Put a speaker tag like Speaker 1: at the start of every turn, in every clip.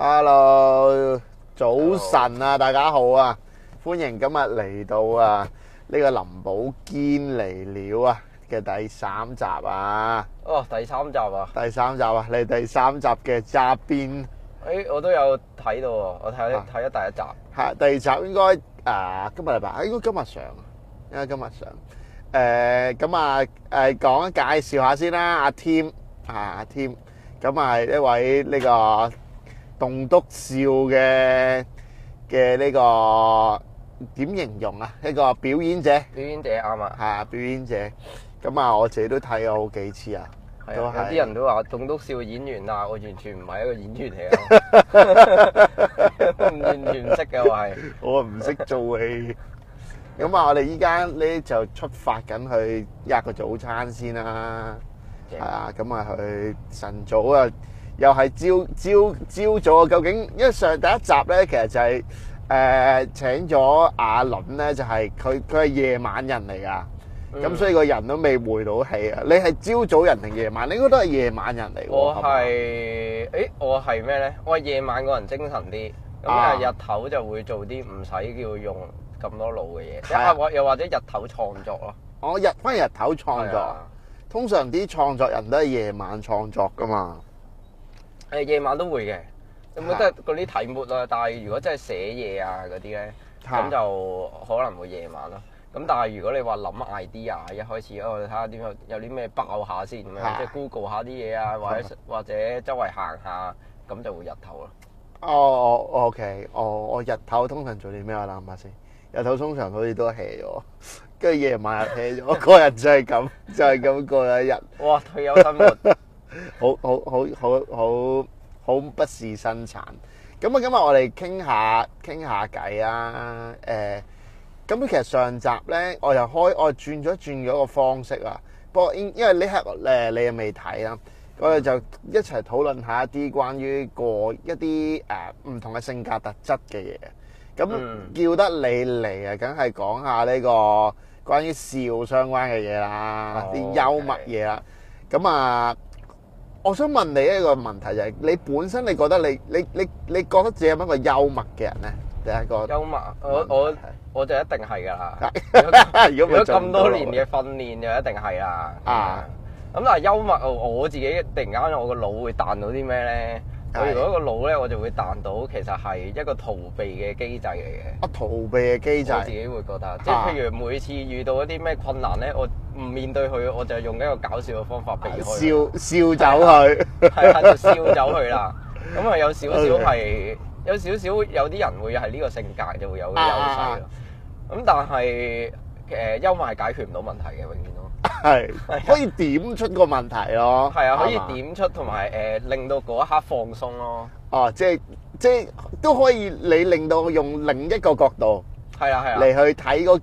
Speaker 1: hello，早晨啊，大家好啊，歡迎今日嚟到啊呢個林寶堅嚟料啊嘅第三集啊。
Speaker 2: 哦，第三集啊。
Speaker 1: 第三集啊，你第三集嘅扎邊？
Speaker 2: 誒，我都有睇到，我睇睇咗第一集。
Speaker 1: 係第二集應該誒，今日禮拜，應該今日上，應該今日上。誒，咁啊，誒，講介紹下先啦，阿添啊，阿添，咁啊係一位呢個。棟篤笑嘅嘅呢個點形容啊？一個表演者，表演者，啱啊。係啊，表演者。咁啊，我自己都睇過好幾次啊。係啊，有啲人
Speaker 2: 都話棟篤笑嘅演員啊，我完全唔係一個演員嚟嘅，都唔完全識嘅，係。我唔識
Speaker 1: 做戲。咁啊，我哋依家咧就出發緊去一個早餐先啦。係啊，咁啊去晨早啊。又係朝朝朝早，早，早，早，究竟因為上第一集咧，其實就係、是、誒、呃、請咗阿林咧，就係佢佢係夜晚人嚟㗎，咁、嗯、所以個人都未回到氣啊。你係朝早、早人定夜晚？你應該都係夜晚人嚟㗎是吧。我
Speaker 2: 係誒，我係咩咧？我係夜晚個人精神啲，咁啊日頭就會做啲唔使要用咁多腦嘅嘢，又或又或者日頭創作咯。
Speaker 1: 我日返日頭創作，通常啲創作人都係夜晚創作㗎嘛。
Speaker 2: 誒，夜晚都會嘅，咁都得嗰啲題目啊？的但係如果真係寫嘢啊嗰啲咧，咁就可能會夜晚咯。咁的但係如果你話諗 idea，一開始我哋睇下點樣有啲咩爆下先啊，即係 Google 下啲嘢啊，或者或者周圍行下，咁就會日頭咯。
Speaker 1: 哦、oh,，OK，我、oh, 我、oh, okay. oh, oh, 日頭通常做啲咩啊？諗下先，日頭通常好似都 hea 咗跟住夜晚又 hea 咗嗰日就係咁， 就係、是、咁過一日。哇！退休生活。 好好好好好好,好不事生產，咁啊今日我哋傾下傾下偈啊，誒，咁其實上集咧我又開我轉咗轉咗個方式啊，不過因因為呢刻誒你又未睇啦，我哋就一齊討論下一啲關於過一啲誒唔同嘅性格特質嘅嘢，咁叫得你嚟啊，梗係講下呢個關於笑相關嘅嘢啦，啲幽默嘢啦，咁啊。我想問你一個問題，就係你本身你覺得你你你你覺得自己係一個幽默嘅人咧第一個幽默，
Speaker 2: 我我我就一定係噶啦。
Speaker 1: 如果咁不多年嘅
Speaker 2: 訓練就一定係啦。啊，咁但係幽默，我自己突然間我個腦會彈到啲咩咧我對如果一個腦咧，我就會彈到，其實係一個逃避嘅機制嚟嘅。
Speaker 1: 啊，逃避嘅機制，我自己會
Speaker 2: 覺得，即係譬如每次遇到一啲咩困難咧，我唔面對佢，我就用一個搞笑嘅方法避開，啊，笑
Speaker 1: 笑走佢。係啊，就笑走佢啦。
Speaker 2: 咁啊 Okay.，有少少係，有少少有啲人會係呢個性格就會有優勢咁、啊啊、但係，幽默係解決唔到問題嘅，永遠。
Speaker 1: 係，可以點出個問題咯。係啊吧，可以點
Speaker 2: 出同埋誒，令到嗰一刻放鬆咯。
Speaker 1: 哦、啊，即係即係都可以，你令到用另一個角度，
Speaker 2: 係啊係啊，嚟去
Speaker 1: 睇嗰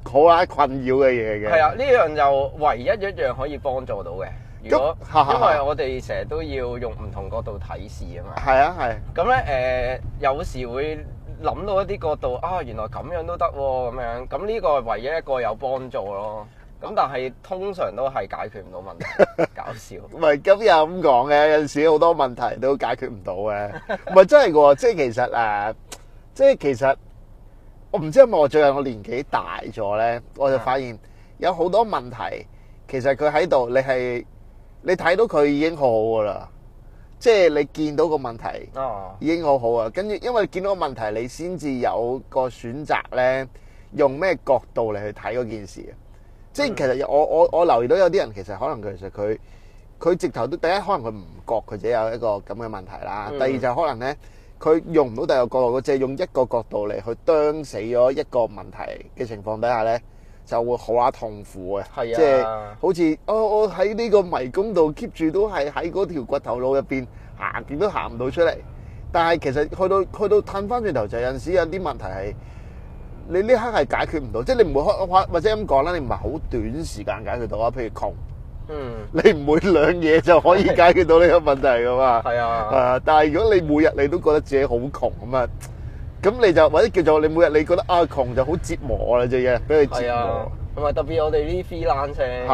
Speaker 1: 個好啊困擾嘅嘢嘅。係啊，
Speaker 2: 呢、啊、樣就唯一一樣可以幫助到嘅。如果、啊啊、因為我哋成日都要用唔同角度睇事啊嘛。係啊係。咁咧誒，有時會諗到一啲角度啊，原來咁樣都得咁樣。咁呢個係唯一一個有幫助咯。咁但係通常都係解決唔到問題， 搞笑
Speaker 1: 唔係今日咁講嘅。有陣時好多問題都解決唔到嘅，唔係 真係噶、哦。即係其實誒、啊，即係其實我唔知係咪我最近我年紀大咗咧，我就發現有好多問題其實佢喺度，你係你睇到佢已經好好噶啦。即係你見到個問題哦，已經好好啊。跟住因為見到個問題，你先至有個選擇咧，用咩角度嚟去睇嗰件事啊。即係其實我我我留意到有啲人其實可能佢其實佢佢直頭都第一可能佢唔覺佢自己有一個咁嘅問題啦，嗯、第二就可能咧佢用唔到第二個角度，佢只係用一個角度嚟去啄死咗一個問題嘅情況底下咧，就會好乸痛苦嘅，啊、即係好似、哦、我我喺呢個迷宮度 keep 住都係喺嗰條骨頭路入邊行，點都行唔到出嚟。但係其實去到去到 t 翻轉頭就有陣時有啲問題係。你呢刻係解決唔到，即係你唔會開或者咁講啦，你唔係好短時間解決到啊。譬如窮，嗯，你唔會兩嘢就可以解決到呢個問題㗎嘛。係啊的，係啊。但係如果你每日你都覺得自己好窮咁啊，咁你就或者叫做你每日你覺得啊窮，就好折磨我啦，隻嘢俾佢折磨。
Speaker 2: 同埋特別我哋啲 freelancer，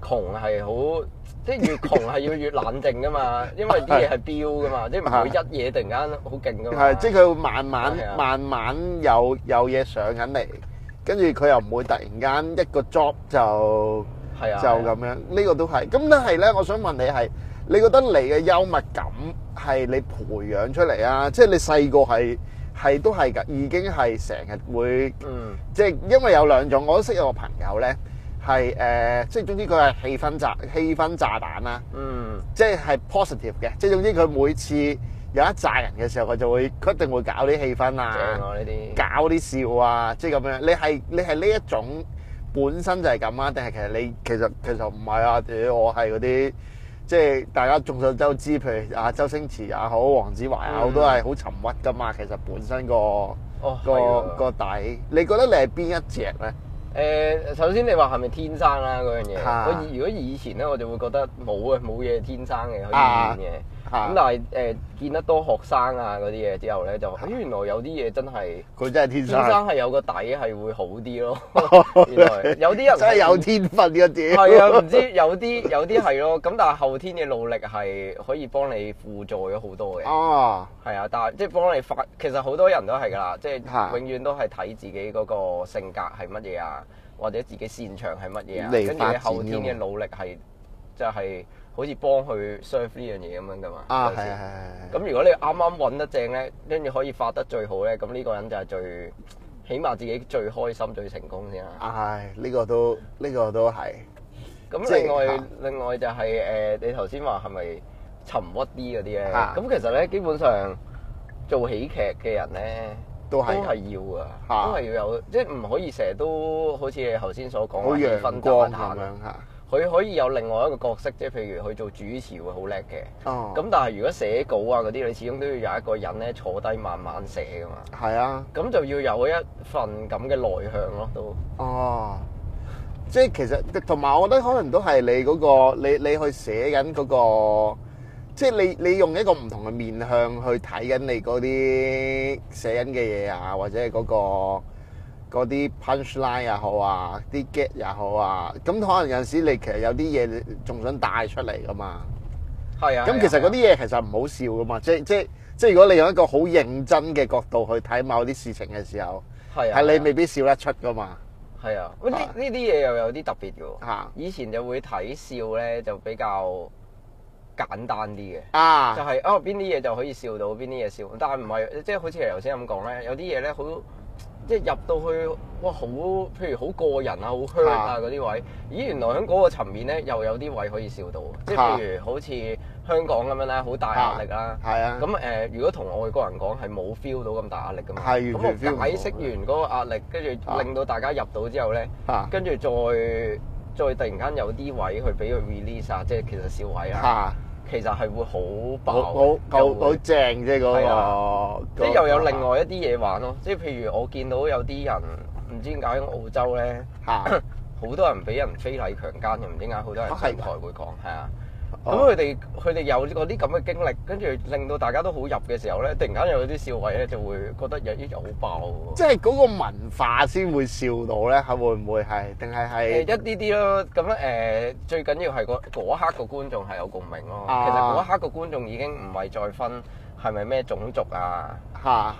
Speaker 1: 窮係好。
Speaker 2: 即係越窮係要越冷靜噶嘛，因為啲嘢係飆噶嘛，是的 即係唔會一嘢突然間好勁噶嘛。係，即係
Speaker 1: 佢會慢慢是的 慢慢有有嘢上緊嚟，跟住佢又唔會突然間一個 job 就就咁樣。是的 個呢個都係。咁但係咧，我想問你係，你覺得你嘅幽默感係你培養出嚟啊？即係你細個係係都係噶，已經係成日會，嗯、即係因為有兩種，我都識有個朋友咧。係誒，即係、呃、總之佢係氣氛炸氣氛炸彈啦。嗯，即係係 positive 嘅，即係總之佢每次有一紮人嘅時候，佢就會佢一定會搞啲氣氛啊，搞啲笑啊，即係咁樣。你係你係呢一種本身就係咁啊？定係其實你其實其實唔係啊？我係嗰啲即係大家眾所周知，譬如阿周星馳也好，黃子華也好，都係好沉鬱噶嘛。其實本身個個、哦、個底，你覺得你係邊一隻咧？
Speaker 2: 誒，首先你話係咪天生啦嗰樣嘢？我、啊、如果以前咧，我就會覺得冇啊，冇嘢天生嘅，可、啊、以呢樣嘢。咁但係誒、呃、見得多學生啊嗰啲嘢之後咧就，原來有啲嘢真係
Speaker 1: 佢真係天生天生係
Speaker 2: 有個底係會好啲咯。原來
Speaker 1: 有啲人 真係有天分嘅啲。係啊，唔知
Speaker 2: 有啲有啲係咯。咁但係後天嘅努力係可以幫你輔助咗好多嘅。哦，係啊，但係即係幫你發。其實好多人都係噶啦，即係永遠都係睇自己嗰個性格係乜嘢啊，或者自己擅長係乜嘢啊，跟住你後天嘅努力係即係。就是好似幫佢 serve 呢樣嘢咁樣噶嘛？啊，
Speaker 1: 係係係。咁
Speaker 2: 如果你啱啱揾得正咧，跟住可以發得最好咧，咁呢個人就係最起碼自己最開心、最成功先啦。
Speaker 1: 啊，係，呢、這個都呢、這個都係。咁 另外、
Speaker 2: 啊、另外就係、是、誒，你頭先話係咪沉鬱啲嗰啲咧？咁、啊、
Speaker 1: 其實咧，基本上
Speaker 2: 做喜劇嘅人咧是、啊，都係要啊，都係要有，即係唔可以成日都好似你頭先所講咁分擔下兩下。佢可以有另外一個角色，即係譬如佢做主持會好叻嘅。哦，咁但係如果寫稿啊嗰啲，你始終都要有一個人咧坐低慢慢寫噶嘛。係啊，咁就要有一份咁嘅內向咯，都。
Speaker 1: 哦，即係其實同埋我覺得可能都係你嗰個，你你去寫緊嗰個，即係你你用一個唔同嘅面向去睇緊你嗰啲寫緊嘅嘢啊，或者係嗰個。嗰啲 punchline 又好啊，啲 get 又好啊，咁可能有陣時你其實有啲嘢你仲想帶出嚟噶嘛，
Speaker 2: 係啊，咁其實嗰
Speaker 1: 啲嘢其實唔好笑噶嘛，啊、即即即如果你用一個好認真嘅角度去睇某啲事情嘅時候，
Speaker 2: 係、啊，係你未必
Speaker 1: 笑得出噶嘛，
Speaker 2: 係啊，咁呢呢啲嘢又有啲特別嘅，啊、以前就會睇笑咧就比較簡單啲嘅，啊，就係哦邊啲嘢就可以笑到邊啲嘢笑，但係唔係即係好似頭先咁講咧，有啲嘢咧好。即係入到去，哇！好，譬如好個人啊，好香啊嗰啲位，咦？原來喺嗰個層面咧，又有啲位可以笑到。即係、啊、譬如好似香港咁樣咧，好大壓力啦。係啊。咁誒、呃，如果同外國人講係冇 feel 到咁大壓力㗎嘛？係完全 feel 唔到。咁我解釋完嗰個壓力，跟住令到大家入到之後咧，跟住、啊、再再突然間有啲位去俾佢 release 啊，即係其實笑位啦。其實係會爆好爆，好好
Speaker 1: 正啫！嗰、那
Speaker 2: 個即係的、那個、又有另外一啲嘢玩咯，即係譬如我見到有啲人唔知點解喺澳洲咧，好、啊、多人俾人非禮強姦，又唔知點解好多人上台會講係啊。咁佢哋佢哋有嗰啲咁嘅經歷，跟住令到大家都好入嘅時候咧，突然間有啲笑位咧，就會覺得有啲有爆
Speaker 1: 喎。即係嗰個文化先會笑到咧，係會唔會係？定係係？誒一
Speaker 2: 啲啲咯。咁咧誒，最緊要係嗰一刻個觀眾係有共鳴咯。啊、其實嗰一刻個觀眾已經唔係再分係咪咩種族啊，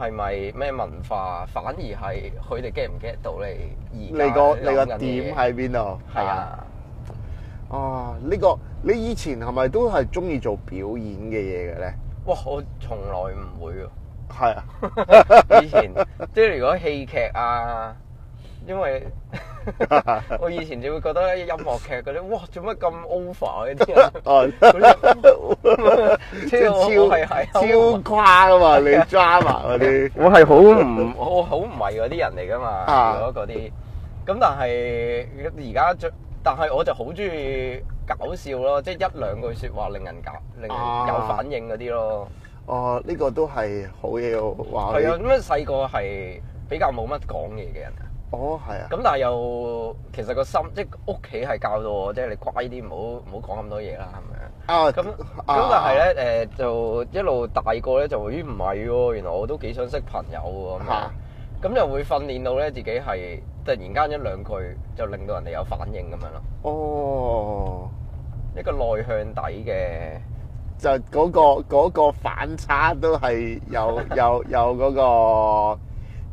Speaker 2: 係咪咩文化？反而係佢哋 get 唔 get 到你
Speaker 1: 而你個你個點喺邊度？係啊。啊！呢，哦這個你以前係咪都係中意做表演嘅嘢嘅咧？
Speaker 2: 哇！我從來唔會嘅。
Speaker 1: 係啊， 以前即
Speaker 2: 係、就是、如果戲劇啊，因為 我以前就會覺得音樂劇嗰啲哇，做乜咁 over 嗰啲啊？ 超 超超誇啊嘛，你 drama 嗰啲。 我係好唔我好唔迷嗰啲人嚟噶嘛，如果嗰啲咁，但係而家但係我就好中意搞笑咯，即係一兩句説話令人搞，令人有反應嗰啲咯。
Speaker 1: 哦，呢個都係好嘢喎！係啊，咁
Speaker 2: 樣細個係比較冇乜講嘢嘅人哦，係啊。咁但係又其實個心即係屋企係教到我，即係你乖啲，唔好唔好講咁多嘢啦，
Speaker 1: 係咪啊？咁咁但係咧
Speaker 2: 誒，就一路大個咧就咦唔係喎，原來我都幾想識朋友喎咁、啊咁又會訓練到咧自己係突然間一兩句就令到人哋有反應咁樣咯。哦
Speaker 1: ，oh，
Speaker 2: 一個內向底嘅，
Speaker 1: 就嗰、嗰個、嗰個反差都係有有有嗰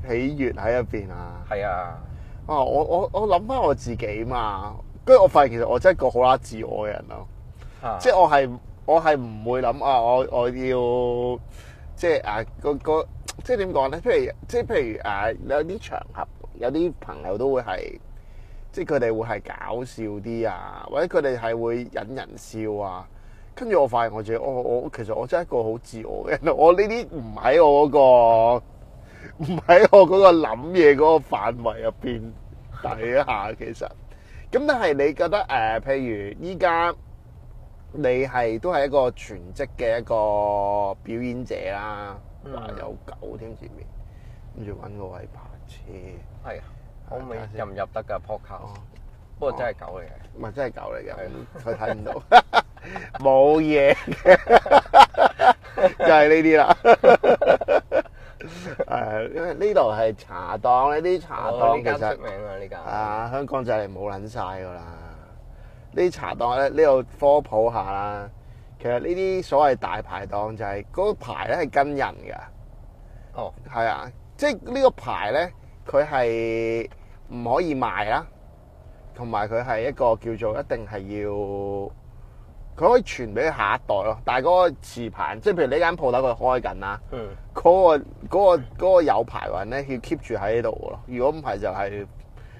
Speaker 1: 個喜悦喺入邊啊。係啊。啊，我我我諗翻我自己嘛，跟住我發現其實我真係一個好啦自我嘅人咯。 即係我係我係唔會諗啊，我我要即係啊嗰即係點講咧？譬如，即係譬如誒、啊，有啲場合，有啲朋友都會係，即係佢哋會係搞笑啲啊，或者佢哋係會引人笑啊。跟住我發現我自己，哦、我我其實我真係一個好自我嘅人，我呢啲唔喺我嗰個唔喺我嗰個諗嘢嗰個範圍入邊底下。其實咁， 但係你覺得誒、呃，譬如依家你係都係一個全職嘅一個表演者啦。有狗添前面，跟住揾個位泊車。係啊，好，入唔
Speaker 2: 入得噶 park car？不過真係狗嚟嘅，
Speaker 1: 唔係真係狗嚟嘅，佢睇唔到，冇嘢嘅，就係呢啲啦。係，因為呢度係茶檔，呢啲茶檔其實啊，香港就係冇撚晒噶啦。呢啲茶檔咧，呢度科普下啦。其實呢啲所謂大排檔就係、是、嗰個牌咧係跟人噶，哦，係啊，即係呢個牌咧，佢係唔可以賣啦，同埋佢係一個叫做一定係要，佢可以傳俾下一代咯。但係嗰個持牌，即係譬如呢間鋪頭佢開緊啦，嗰、嗯嗰個，嗰個，嗰個有牌運咧要 keep 住喺呢度咯。如果唔係就係、是、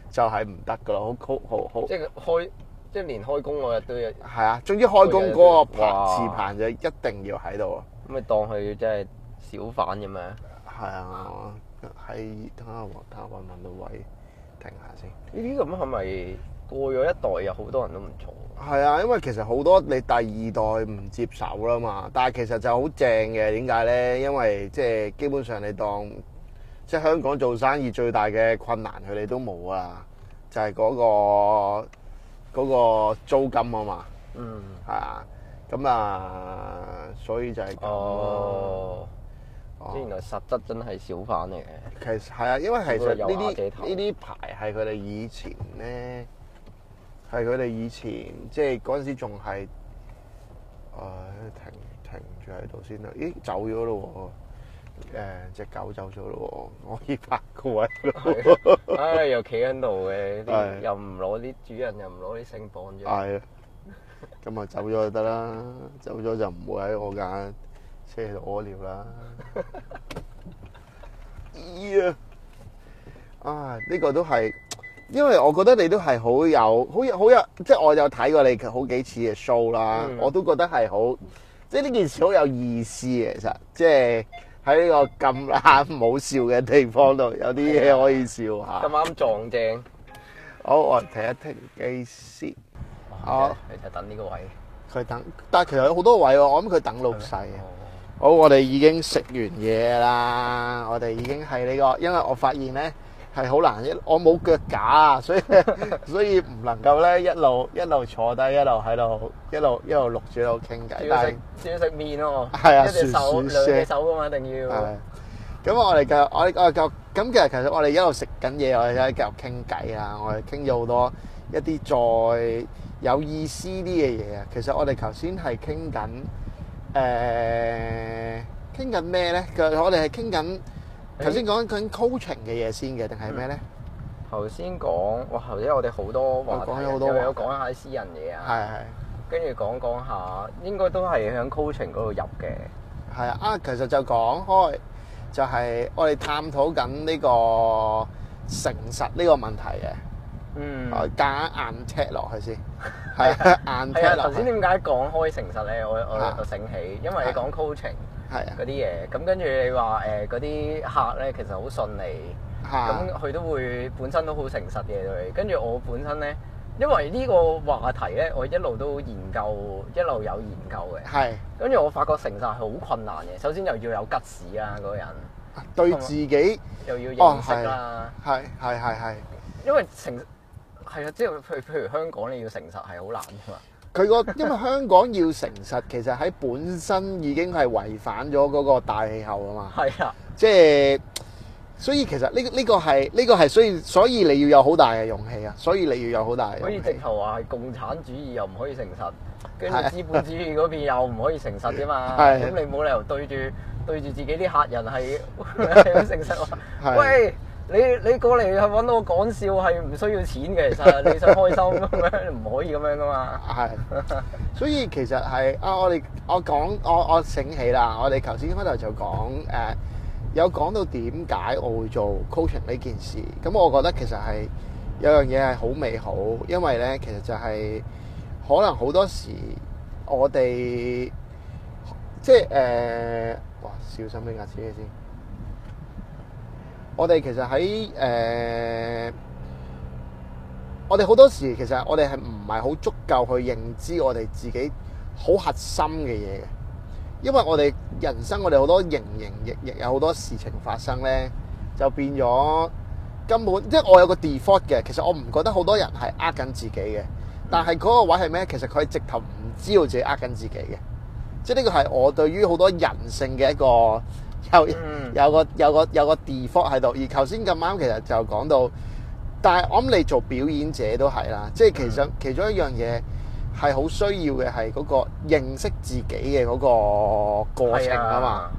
Speaker 1: 就係唔得噶咯，好，好，好，即
Speaker 2: 係開。即係連開工嗰日都有，係啊！總之開工嗰哇個磁瓷盤就一定要喺度，啊。咁咪當佢即係小販咁樣。係啊，喺等下我睇下問到位停下先。呢啲咁係咪過咗一代又好多人都唔做？
Speaker 1: 係啊，因為其實好多你第二代唔接手啦嘛，但係其實就好正嘅，點解咧？因為即係基本上你當即係香港做生意最大嘅困難，佢哋都冇啊，就係嗰個。嗰個租金啊嘛，嗯，係啊，咁啊，所以就係哦，原來實質真係小販嚟嘅，其實係啊，因為其實呢啲呢啲牌係佢哋以前咧，係佢哋以前即係嗰陣時仲係，誒、呃、停停住喺度先啦，咦，走咗咯喎！誒，隻、哎、狗走咗咯，我要拍個位唉、哎，又企
Speaker 2: 喺度嘅，哎、呀又唔攞啲主人，又唔攞啲繩綁住，係啊、哎，
Speaker 1: 咁啊走咗就得啦，走咗就唔會喺我架車度屙尿啦，啊、 哎、呢、哎，這個都係，因為我覺得你都係好有，好有，好有，即係我有睇過你好幾次嘅 show 啦、嗯，我都覺得係好，即係呢件事好有意思嘅，其實即係。喺呢個咁啱冇笑嘅地方度，有啲嘢可以笑下。咁
Speaker 2: 啱撞正。
Speaker 1: 好，我哋停一停機先。好，你就等呢個位。佢、哦、等，但係其實有好多位喎，我諗佢等老細。嗎好，我哋已經食完嘢啦，我哋已經係呢、這個，因為我發現咧。係好難一，我冇腳架啊，所以 所以唔能夠咧一路一路坐低，一路喺度一路一路錄住喺度傾偈。要
Speaker 2: 食麵喎，係、哦、啊，兩隻手㗎嘛，一定要。
Speaker 1: 咁、啊、我哋繼續，我哋我哋繼續咁，其實其實我哋一路食緊嘢，我哋喺度傾偈啊，我哋傾咗好多一啲再有意思啲嘅嘢啊。其實我哋頭先係傾緊誒傾緊咩咧？我哋係傾緊。頭先講緊 coaching 嘅嘢先嘅，定係咩咧？頭先講哇，頭先我哋好多話題，我多話題有講下
Speaker 2: 私人嘢啊，
Speaker 1: 係係的，跟住講講下，應該都係喺 coaching 嗰度入嘅。係啊，其實就講開，就係、係、我哋探討緊呢個誠實呢個問題嘅。嗯，啊、加硬踢落去先。係硬踢落去。係啊 的，頭先點
Speaker 2: 解講開誠實咧？我我就醒起，因為你講 coaching。嗰啲嘢，咁跟住你話誒嗰啲客咧，其實好順利，咁佢都會本身都好誠實嘅佢。跟住我本身咧，因為呢個話題咧，我一路都研究，一路有研究嘅。係。跟住我發覺誠實係好困難嘅，首先又要有吉事啊，嗰人
Speaker 1: 對自己又要認識啦。係係係係。
Speaker 2: 因為誠實係啊，即係譬譬如香港你要誠實係好難㗎嘛。
Speaker 1: 佢個，因為香港要誠實，其實喺本身已經係違反咗嗰個大氣候啊嘛。係啊的，即係，所以其實呢呢個係呢個係，所以所以你要有好大嘅勇氣啊，所以你要有好大嘅勇氣。可以
Speaker 2: 直頭話係共產主義又唔可以誠實，跟住資本主義嗰邊又唔可以誠實嘅嘛。係的，咁你冇理由對住對住自己啲客人係唔 誠實喎。係。你你過嚟去揾我講笑係唔需要錢嘅，其實你想開心咁樣唔可以咁樣
Speaker 1: 噶嘛。係， 所以其實係啊，我哋我講我我醒起啦，我哋頭先開頭就講誒、呃，有講到點解我會做 coaching 呢件事。咁我覺得其實係有樣嘢係好美好，因為咧其實就係、是、可能好多時我哋即係誒、呃，哇！小心啲牙齒先。我哋其實喺誒、呃，我哋好多時其實我哋係唔係好足夠去認知我哋自己好核心嘅嘢嘅，因為我哋人生我哋好多營營役役有好多事情發生咧，就變咗根本即係我有個 default 嘅，其實我唔覺得好多人係呃緊自己嘅，但係嗰個位係咩？其實佢係直頭唔知道自己呃緊自己嘅，即係呢個係我對於好多人性嘅一個。有個有個有個有個 default 喺度，而頭先咁啱其實就講到，但係我諗你做表演者都係啦，即係其實其中一樣嘢係好需要嘅係嗰個認識自己嘅嗰個過程嘛啊嘛。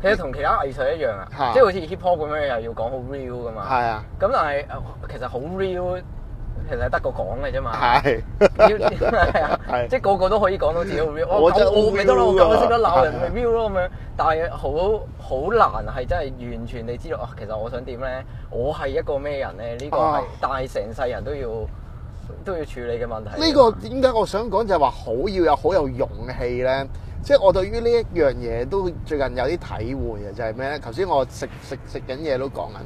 Speaker 1: 其實
Speaker 2: 同其他藝術一樣啊，即係好似 hip hop 咁樣又要講好 real 㗎嘛。係啊，咁但係其實好 real。其實得個講嘅啫嘛，係係啊，即係個個都可以講到自己 view。我我咪得咯，我咁識得鬧人咪 view 咯咁樣。的但係好好難係真係完全你知道啊，其實我想點咧？我係一個咩人咧？呢、這個係，大成世人都要都要處理嘅問題。呢、啊、個
Speaker 1: 點解我想講就話好要有好有勇氣咧？即、就、係、是、我對於呢一樣嘢都最近有啲體會啊！就係咩咧？頭先我食食食緊嘢都講緊，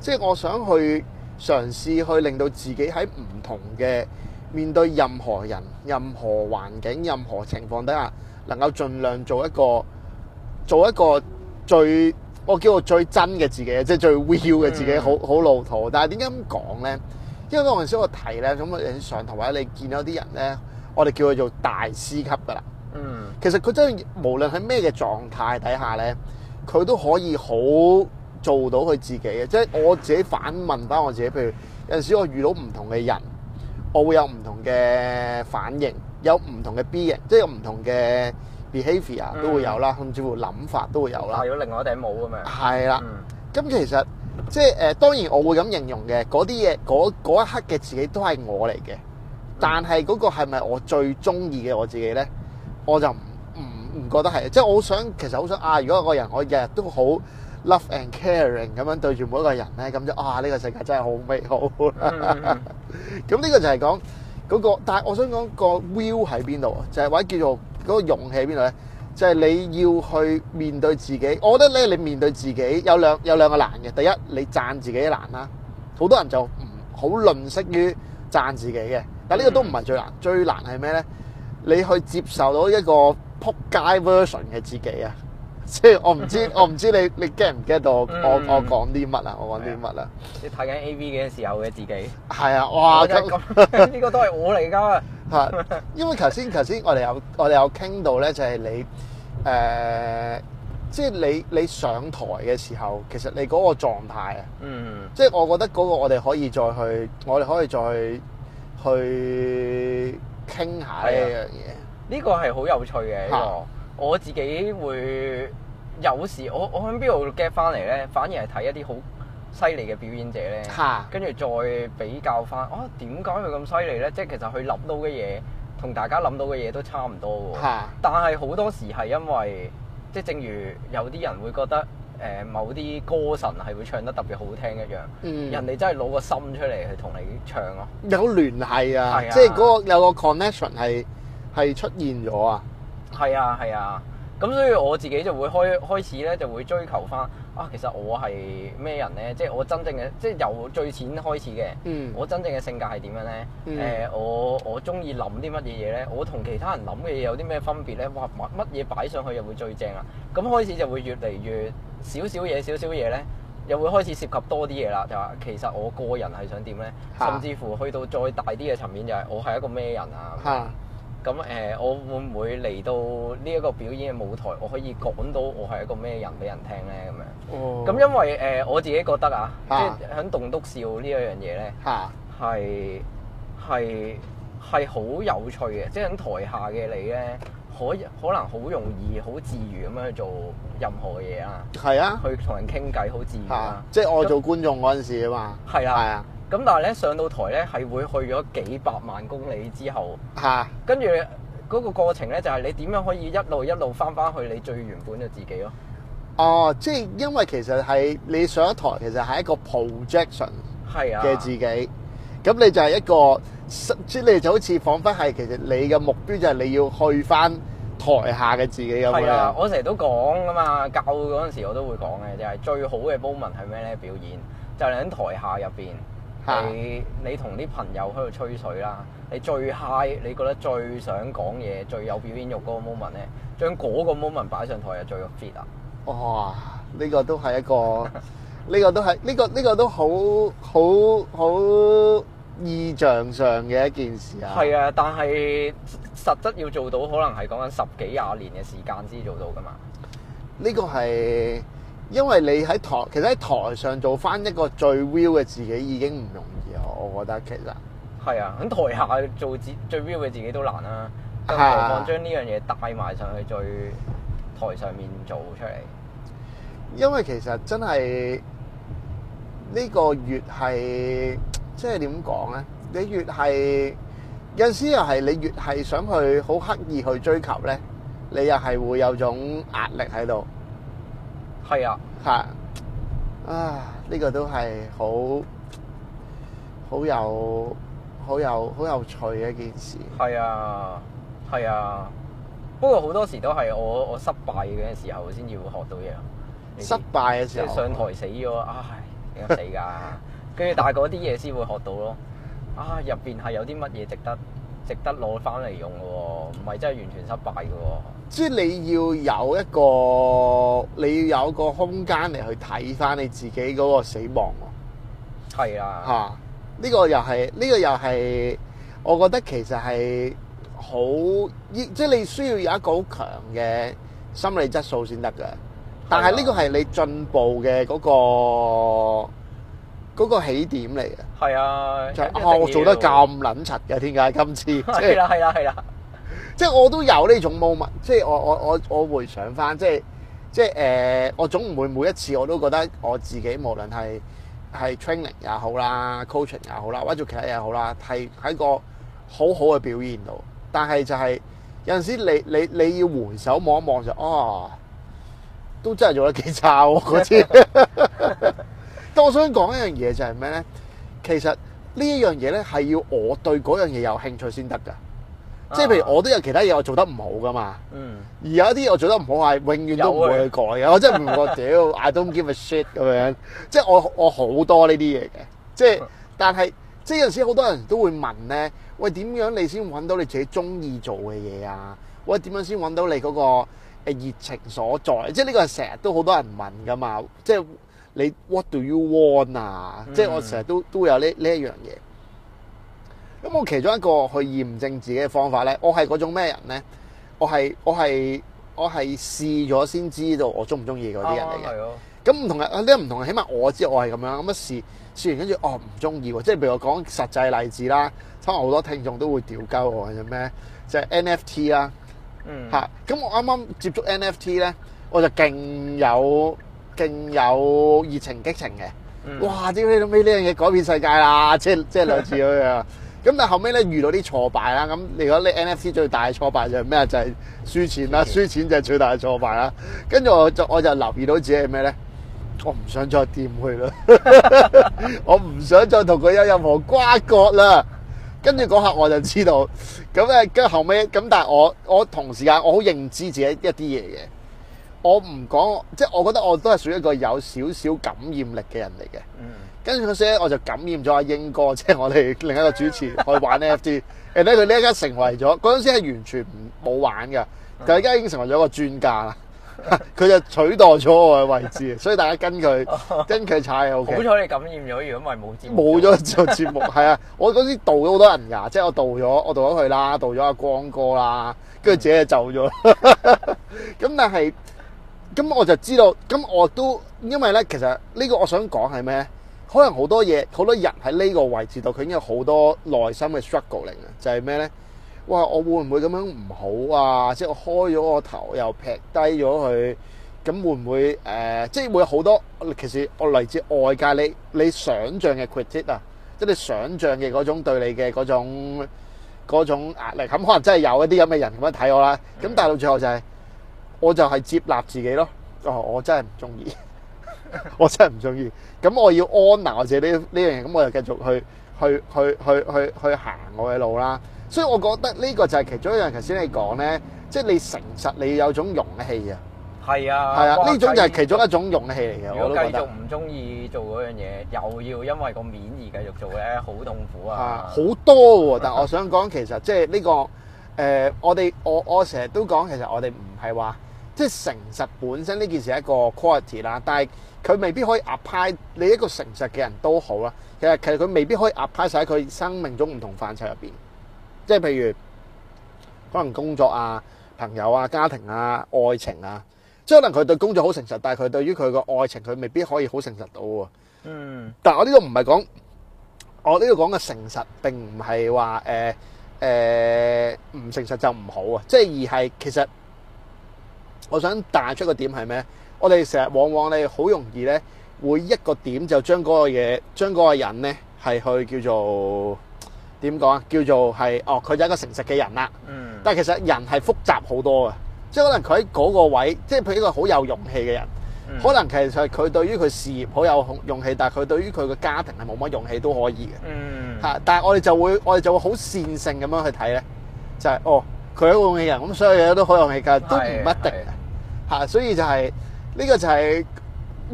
Speaker 1: 即、就、係、是、我想，想去。嘗試去令到自己喺唔同嘅面對任何人、任何環境、任何情況底下，能夠盡量做一個做一個最我叫做最真嘅自己，即係最 w i 嘅自己，好好、嗯、老土。但係點解咁講咧？因為嗰陣時我提咧，咁我上堂或者你見到啲人咧，我哋叫佢做大師級㗎喇。嗯，其實佢真係無論喺咩嘅狀態底下咧，佢都可以好。做到佢自己嘅，即係我自己反問翻我自己，譬如有陣時我遇到唔同嘅人，我會有唔同嘅反應，有唔同嘅 B 型，即係有唔同嘅 behavior 都會有啦，甚至乎諗法都會有啦。係要、
Speaker 2: 啊、另外一頂帽咁樣。
Speaker 1: 係啦的，咁、嗯、其實即係誒、呃，當然我會咁形容嘅，嗰啲嘢，嗰一刻嘅自己都係我嚟嘅，但係嗰個係咪我最中意嘅我自己咧？我就唔唔唔覺得係，即係我想其實好想啊！如果一個人我日日都好。Love and caring 咁樣對住每一個人咧，咁就啊呢個世界真係好美好啦！咁 呢個就係講嗰個，但係我想講個 will 喺邊度啊？就係或者叫做嗰個勇氣喺邊度咧？就係你要去面對自己。我覺得咧，你面對自己有兩有兩個難嘅。第一，你讚自己難啦。好多人就唔好吝惜於讚自己嘅。但係呢個都唔係最難，最難係咩咧？你去接受到一個撲街 version 嘅自己啊！即係我唔知，我唔知你你驚唔驚到我？我講啲乜啊？嗯、我講啲乜啊？
Speaker 2: 你睇緊 AV 嘅時候嘅自己？
Speaker 1: 係啊！哇！呢 個
Speaker 2: 都係我嚟噶。
Speaker 1: 吓， 因為頭先頭先我哋有我哋有傾到咧，呃，就係、係、你誒，即係你你上台嘅時候，其實你嗰個狀態啊。嗯。即係我覺得嗰個我哋可以再去，我哋可以再去去傾下呢樣嘢。呢、
Speaker 2: 啊這個係好有趣嘅呢個。啊我自己會有時，我我喺邊度 get 翻嚟咧，反而係睇一啲好犀利嘅表演者咧，跟住、啊、再比較翻，哦點解佢咁犀利咧？即係其實佢諗到嘅嘢，同大家諗到嘅嘢都差唔多喎。啊、但係好多時係因為，即係正如有啲人會覺得，誒某啲歌神係會唱得特別好聽一樣，嗯、人哋真係攞個心出嚟去同你唱咯、啊，
Speaker 1: 有聯繫啊，啊即係嗰個有個 connection 係係出現咗啊。
Speaker 2: 係啊，係啊，咁所以我自己就會開開始咧，就會追求翻啊。其實我係咩人咧？即係我真正嘅，即係由最淺開始嘅，嗯、我真正嘅性格係點樣咧？誒、嗯呃，我我中意諗啲乜嘢嘢咧？我同其他人諗嘅嘢有啲咩分別咧？哇，乜嘢擺上去又會最正啊！咁開始就會越嚟越少少嘢，少少嘢咧，又會開始涉及多啲嘢啦。就話其實我個人係想點咧？啊、甚至乎去到再大啲嘅層面，就係我係一個咩人啊？啊咁誒、呃，我會唔會嚟到呢一個表演嘅舞台，我可以講到我係一個咩人俾人聽咧咁樣？哦。咁因為誒、呃，我自己覺得啊，啊即係喺棟篤笑呢一樣嘢咧，係係係好有趣嘅。即係喺台下嘅你咧，可可能好容易、好自如咁去做任何嘢係啊。係啊。去同人傾偈好自如。啊。
Speaker 1: 即係我做觀眾嗰陣時就係啊嘛。係啊。係啊。咁但係咧，
Speaker 2: 上到台咧係會去咗幾百萬公里之後，吓、啊，跟住嗰個過程咧就係你點樣可以一路一路翻翻去你最原本嘅自己咯。
Speaker 1: 哦，即係因為其實係你上咗台其實係一個 projection
Speaker 2: 係嘅自
Speaker 1: 己，咁、啊、你就係一個即你就好似仿佛係其實你嘅目標就係你要去翻台下嘅自己咁樣、啊。我
Speaker 2: 成日都講噶嘛，教嗰陣時我都會講嘅，就係、是、最好嘅 moment 係咩咧？表演就係、是、喺台下入邊。啊、你你同啲朋友喺度吹水啦，你最嗨，你覺得最想講嘢、最有表演欲嗰個 moment 咧，將嗰個 moment 擺上台係最 fit 啊！
Speaker 1: 哇、哦，呢、呢個都係一個，呢 個都係呢個呢、呢個都好好好意象上嘅一件事啊！係啊，
Speaker 2: 但係實質要做到，可能係講緊十幾廿年嘅時間先做到㗎嘛？
Speaker 1: 呢個係。因為你喺台，其實喺台上做翻一個最 real 嘅自己已經唔容易，啊。我覺得其實
Speaker 2: 係啊，喺台下做自最 real 嘅自己都難啦、
Speaker 1: 啊，更何況將
Speaker 2: 呢樣嘢帶埋上去最，最台上面做出嚟。
Speaker 1: 因為其實真係呢、這個越係，即係點講咧？你越係有陣時又係你越係想去好刻意去追求咧，你又係會有種壓力喺度。係啊，係、啊，啊、這、呢個都係好好有好有好有趣嘅一件事。
Speaker 2: 係啊，係啊，不過好多時都係我我失敗嘅時候先至會學到嘢。
Speaker 1: 失敗嘅時候上台
Speaker 2: 死咗，唉，點死噶？跟住但係啲嘢先會學到咯。啊，入邊係有啲乜嘢值得值得攞翻嚟用嘅喎、哦，唔係真係完全失敗嘅喎、哦。
Speaker 1: 即係你要有一個，你要有一個空間嚟去睇翻你自己嗰個死亡喎。
Speaker 2: 係啊，嚇、
Speaker 1: 啊！呢個又係，呢個又係，我覺得其實係好，依即係你需要有一個好強嘅心理質素先得㗎。
Speaker 2: 但係呢個係
Speaker 1: 你進步嘅嗰個嗰個起點嚟嘅。係啊，我做得咁撚柒嘅，點解今次係啦，係啦、 啊，係啦、啊。即係我都有呢種 moment，即係我我我我回想翻，即係即係誒、呃，我總唔會每一次我都覺得我自己無論係係 training 也好啦，coaching 也好啦，或者做其他嘢好啦，係喺個好好嘅表現度。但係就係有陣時你你你你要回首望一望就哦，都真係做得幾差啊。嗰次 但我想講一樣嘢就係咩咧？其實呢樣嘢咧係要我對嗰樣嘢有興趣先得㗎。即係譬如我都有其他嘢我做得唔好噶嘛，嗯、而有一啲我做得唔好係永遠都唔會去改嘅，的我真係唔覺屌 ，I don't give a shit 咁樣。即係我我好多呢啲嘢嘅，即係但係即係有陣時好多人都會問咧，喂，點樣你先揾到你自己中意做嘅嘢啊？喂，點樣先揾到你嗰個誒熱情所在？即係呢個成日都好多人問噶嘛。即係你 what do you want 啊？即係我成日都都有呢呢一樣嘢。嗯咁我其中一個去驗證自己嘅方法咧，我係嗰種咩人咧？我係我係我係試咗先知道我中唔中意嗰啲人嚟嘅。咁唔同嘅啊，呢唔同嘅，起碼我知我係咁樣咁，一試試完跟住哦，唔中意喎。即係譬如我講實際例子啦，可能好多聽眾都會屌鳩我嘅咩？即係 NFT 啦，嗯咁、啊、我啱啱接觸 NFT 咧，我就勁有勁有熱情激情嘅。嗯、哇！點解到尾呢樣嘢改變世界啦？即係即係類似咁樣。 咁但後尾咧遇到啲挫敗啦，咁你如果啲 NFC 最大嘅挫敗就係咩？就係輸錢啦，輸錢就係最大嘅挫敗啦。跟住我就我就留意到自己係咩咧？我唔想再掂佢啦， 我唔想再同佢有任何瓜葛啦。跟住嗰刻我就知道，咁啊，跟後尾。咁，但係我我同時間我好認知自己一啲嘢嘅，我唔講，即係我覺得我都係屬於一個有少少感染力嘅人嚟嘅。嗯。跟住嗰時咧，我就感染咗阿英哥，即係我哋另一個主持去玩 NFT。誒咧，佢呢一間成為咗，嗰陣時係完全唔冇玩㗎，但係而家已經成為咗個專家啦。佢 就取代咗我嘅位置，所以大家跟佢， 跟佢踩 OK。好彩你
Speaker 2: 感染咗，如果唔係冇節目，冇咗做節目。係
Speaker 1: 啊，我嗰時導咗好多人㗎，即係我導咗，我導咗佢啦，導咗阿光哥啦，跟住自己就走咗。咁 但係，咁我就知道，咁我都因為咧，其實呢個我想講係咩？可能好多嘢，好多人喺呢個位置度，佢已經有好多內心嘅 struggling 啊！就係咩咧？哇！我會唔會咁樣唔好啊？即我開咗個頭又劈低咗佢，咁會唔會誒、呃？即係會有好多其實我嚟自外界你你想象嘅 critic 啊，即係你想象嘅嗰種對你嘅嗰種嗰種壓力，咁可能真係有一啲咁嘅人咁樣睇我啦。咁但係到最後就係、是，我就係接納自己咯。哦，我真係唔中意。我真係唔中意，咁我要安撫自己呢呢樣嘢，咁我又繼續去去去去去去行我嘅路啦。所以我覺得呢個就係其中一樣頭先你講咧，即係你誠實，你有種勇氣啊。
Speaker 2: 係啊，係啊，呢種就係其
Speaker 1: 中一種勇氣嚟嘅。我都覺得。唔
Speaker 2: 中意做嗰樣嘢，又要因為個面而繼續做咧，好痛
Speaker 1: 苦啊！好多喎，但係我想講，其實即係呢個誒，我哋我我成日都講，其實我哋唔係話即係誠實本身呢件事係一個 quality 啦，但係。佢未必可以 apply 你一個誠實嘅人都好啦，其實其實佢未必可以 apply 晒喺佢生命中唔同範疇入邊，即係譬如可能工作啊、朋友啊、家庭啊、愛情啊，即係可能佢對工作好誠實，但係佢對於佢個愛情佢未必可以好誠實到啊。嗯，但係我呢個唔係講，我呢個講嘅誠實並，並唔係話誒誒唔誠實就唔好啊，即係而係其實我想帶出個點係咩？我哋成日往往你好容易咧，會一個點就將嗰個嘢，將嗰個人咧，係去叫做點講啊？叫做係哦，佢就係一個誠實嘅人啦。嗯。但係其實人係複雜好多嘅，即係可能佢喺嗰個位，即係譬如一個好有勇氣嘅人，嗯、可能其實佢對於佢事業好有勇氣，但係佢對於佢嘅家庭係冇乜勇氣都可以嘅。嗯。嚇！但係我哋就會我哋就會好線性咁樣去睇咧，就係、是、哦，佢係一個勇氣人，咁所有嘢都好勇氣嘅，都唔一定嘅嚇。所以就係、是。呢個就係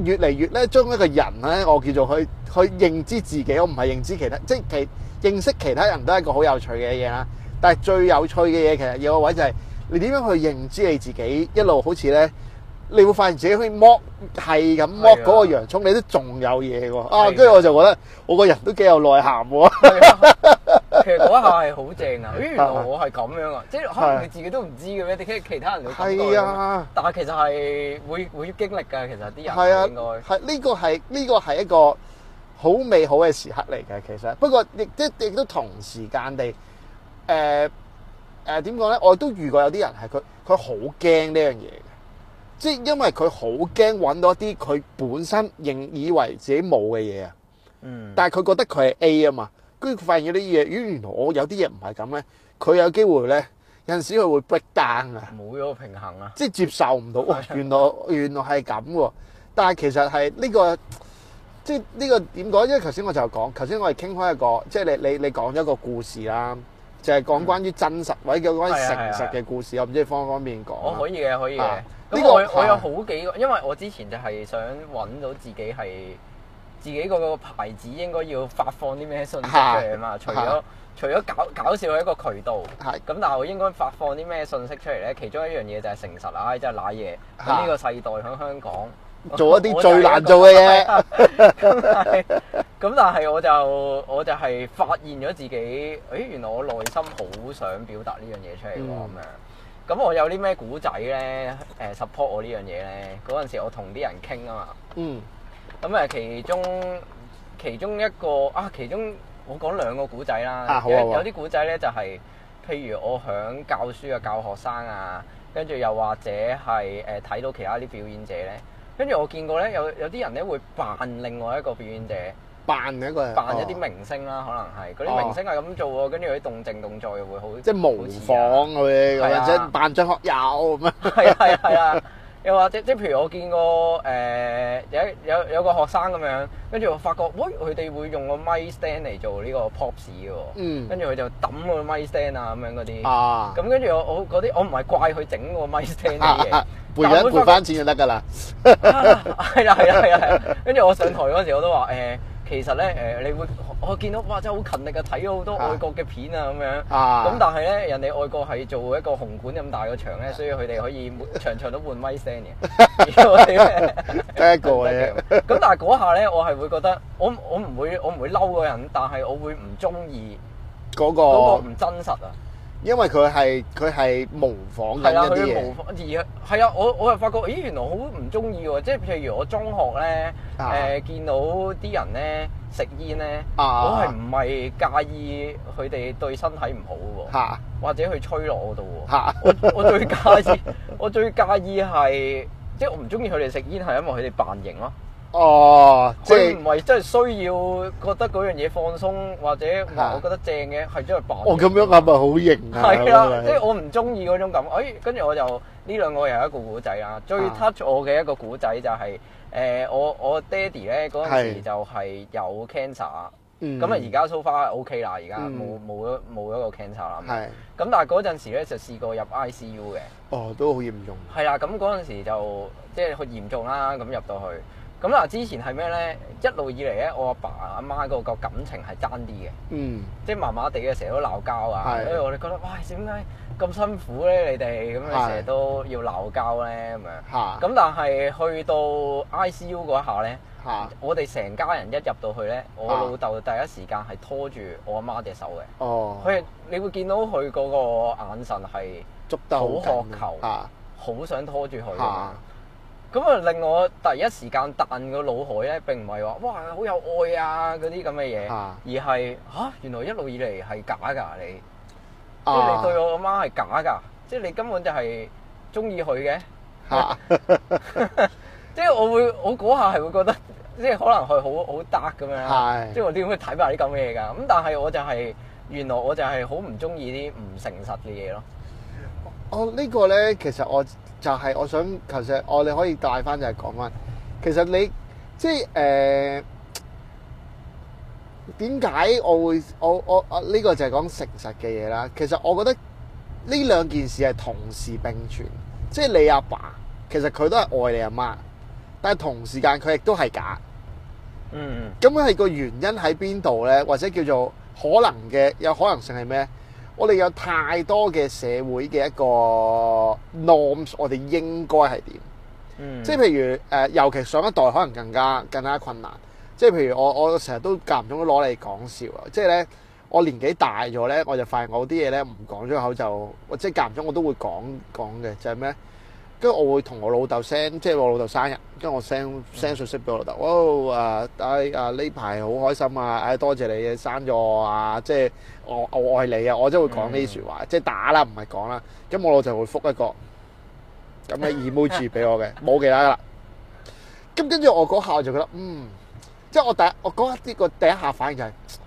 Speaker 1: 越嚟越咧，將一個人咧，我叫做去去認知自己，我唔係認知其他，即係認識其他人都係一個好有趣嘅嘢啦。但係最有趣嘅嘢其實有個位就係你點樣去認知你自己，一路好似咧，你會發現自己可以剝，係咁剝嗰個洋葱，你都仲有嘢喎。啊，跟住我就覺得我個人都幾有內涵喎。其實
Speaker 2: 嗰一刻係好正啊！咦，原來我係咁樣啊，即係可能佢自己都唔知嘅咩，點解的其他人會咁講？係啊的，但係其
Speaker 1: 實係會會經歷噶、這個這個，其實啲人係啊，應該係呢個係呢個係一個好美好嘅時刻嚟嘅。其實不過亦即亦都同時間地，誒、呃、誒，點講咧？我都遇過有啲人係佢，佢好驚呢樣嘢嘅，即係因為佢好驚揾到一啲佢本身認以為自己冇嘅嘢啊。嗯，但係佢覺得佢係 A 啊嘛。佢發現有啲嘢，咦？原來我有啲嘢唔係咁咧。佢有機會咧，有陣時佢會 break down 啊！
Speaker 2: 冇咗個平衡啊！
Speaker 1: 即係接受唔到、哦。原來 原來係咁喎。但係其實係呢、這個，即係呢個點講？因為頭先我就講，頭先我係傾開一個，即、就、係、是、你你你講咗個故事啦，就係、是、講關於真實、嗯、或者關於誠實嘅故事。我唔知方唔方便講。我可以嘅，可以嘅。呢、啊我這個我有
Speaker 2: 好幾個，因為我之前就係想揾到自己係。自己嗰個牌子應該要發放啲咩信息出嚟嘛？除咗除咗搞搞笑係一個渠道，咁、啊、但係我應該發放啲咩信息出嚟咧？其中一樣嘢就係誠實啊，即係瀨嘢，喺呢個世代喺香港
Speaker 1: 做一啲最難做嘅嘢。
Speaker 2: 咁 但係我就我就係發現咗自己，誒、哎、原來我內心好想表達呢樣嘢出嚟喎咁樣。咁、嗯啊、我有啲咩古仔咧誒 support 我呢樣嘢咧？嗰陣時我同啲人傾啊嘛。嗯咁啊，其中其中一個啊，其中我講兩個古仔啦。啊，好啊！有啲古仔咧就係、是，譬如我響教書啊，教學生啊，跟住又或者係誒睇到其他啲表演者咧，跟住我見過咧，有有啲人咧會扮另外一個表演者，扮另一個，扮一啲明星啦，哦、可能係嗰啲明星係咁做喎，跟住啲動靜動作又會好，即係模
Speaker 1: 仿嗰啲，或者、啊、扮張學友咁啊。係啊樣，係啊，係啊！
Speaker 2: 又話即即譬如我見過誒有有有個學生咁樣，跟住我發覺，喂，佢哋會用個 mic stand 嚟做呢個 pop 市嘅喎，跟住佢就揼個 mic stand 啊咁樣嗰啲，咁跟住我我嗰啲我唔係怪佢整個 mic stand 啲嘢，賠緊翻
Speaker 1: 錢就得㗎啦，
Speaker 2: 係啊係啊係啊，跟住我上台嗰時我都話誒。其實咧，誒，你會我見到哇，真係好勤力啊，睇咗好多外國嘅片啊，咁樣。啊咁，但係咧，人哋外國係做一個紅館咁大個場咧，所以佢哋可以長長都換 mic 聲
Speaker 1: 得一個啫。
Speaker 2: 咁但係嗰下咧，我係會覺得，我我唔會我唔會嬲個人，但係我會唔中意
Speaker 1: 嗰個唔
Speaker 2: 真實啊。
Speaker 1: 因為佢係佢係模仿嘅一樣，
Speaker 2: 係啊！我我係發覺，咦，原來好唔中意喎！即係譬如我中學咧，誒、啊呃、見到啲人咧食煙咧，啊、我係唔係介意佢哋對身體唔好嘅喎？啊、或者去吹落度喎？我最 我最介意，我最介意係，即係我唔中意佢哋食煙係因為佢哋扮型咯。
Speaker 1: 哦，即係
Speaker 2: 唔係真係需要覺得嗰樣嘢放鬆，或者話我覺得正嘅，係因為擺。哦，咁樣
Speaker 1: 係咪好型啊？係啦、啊，即係我
Speaker 2: 唔中意嗰種感覺。哎，跟住我就呢兩個又係一個古仔啦。最 touch 我嘅一個古仔就係、是、誒、啊呃，我我爹哋咧嗰陣時就係有 cancer，咁啊而家 so far OK 啦，而家冇冇一冇一個 cancer 啦。係是。咁但係嗰陣時咧就試過入 ICU 嘅。
Speaker 1: 哦，都好嚴重。
Speaker 2: 係啦，咁嗰陣時就即係好嚴重啦，咁入到去。咁啦，之前係咩咧？一路以嚟咧，我阿爸阿媽嗰個感情係爭啲嘅，嗯，即係麻麻地嘅，成日都鬧交啊。所以我哋覺得，哇，點解咁辛苦咧？你哋咁樣，成日都要鬧交咧咁樣。嚇！咁但係去到 ICU 嗰一下咧，嚇！我哋成家人一入到去咧，我老豆第一時間係拖住我阿媽隻手嘅。哦！佢，你會見到佢嗰個眼神係
Speaker 1: 好渴求，嚇！
Speaker 2: 好想拖住佢嘅。咁啊！令我第一時間彈個腦海咧，並唔係話哇，好有愛啊嗰啲咁嘅嘢，啊、而係嚇、啊、原來一路以嚟係假噶，你，即係、啊哎、你對我阿媽係假噶，即係你根本就係中意佢嘅，啊、 即係我會我嗰下係會覺得即係可能佢好好 dark 咁樣，即係我點會睇埋啲咁嘅嘢噶？咁但係我就係、是、原來我就係好唔中意啲唔誠實嘅嘢咯。
Speaker 1: 哦，這個、呢個咧其實我。就係我想，其實我你可以帶翻就係講翻。其實你即係誒點解我會我我啊呢個就係講誠實嘅嘢啦。其實我覺得呢兩件事係同時並存。即係你阿爸，其實佢都係愛你阿媽，但係同時間佢亦都係假。嗯。咁係個原因喺邊度咧？或者叫做可能嘅有可能性係咩？我哋有太多嘅社會嘅一個 norms，我哋應該係點？嗯、即係譬如誒、呃，尤其上一代可能更加更加困難。即係譬如我我成日都間唔中都攞嚟講笑啊！即係咧，我年紀大咗咧，我就發現我啲嘢咧唔講出口就，即係間唔中我都會講講嘅，就係咩？跟住我會同我老豆 send，即係我老豆生日，跟住我 sendsend 信息俾我老豆。哦啊，哎啊呢排好開心啊！哎，多謝你啊生咗我啊！即係我我愛你啊！我真會講呢啲説話，即係打啦，唔係講啦。咁我老豆就會覆一個咁嘅 emoji 俾我嘅，冇其他啦。咁跟住我嗰下我就覺得嗯，即係我第一我嗰一啲個第一下反應就係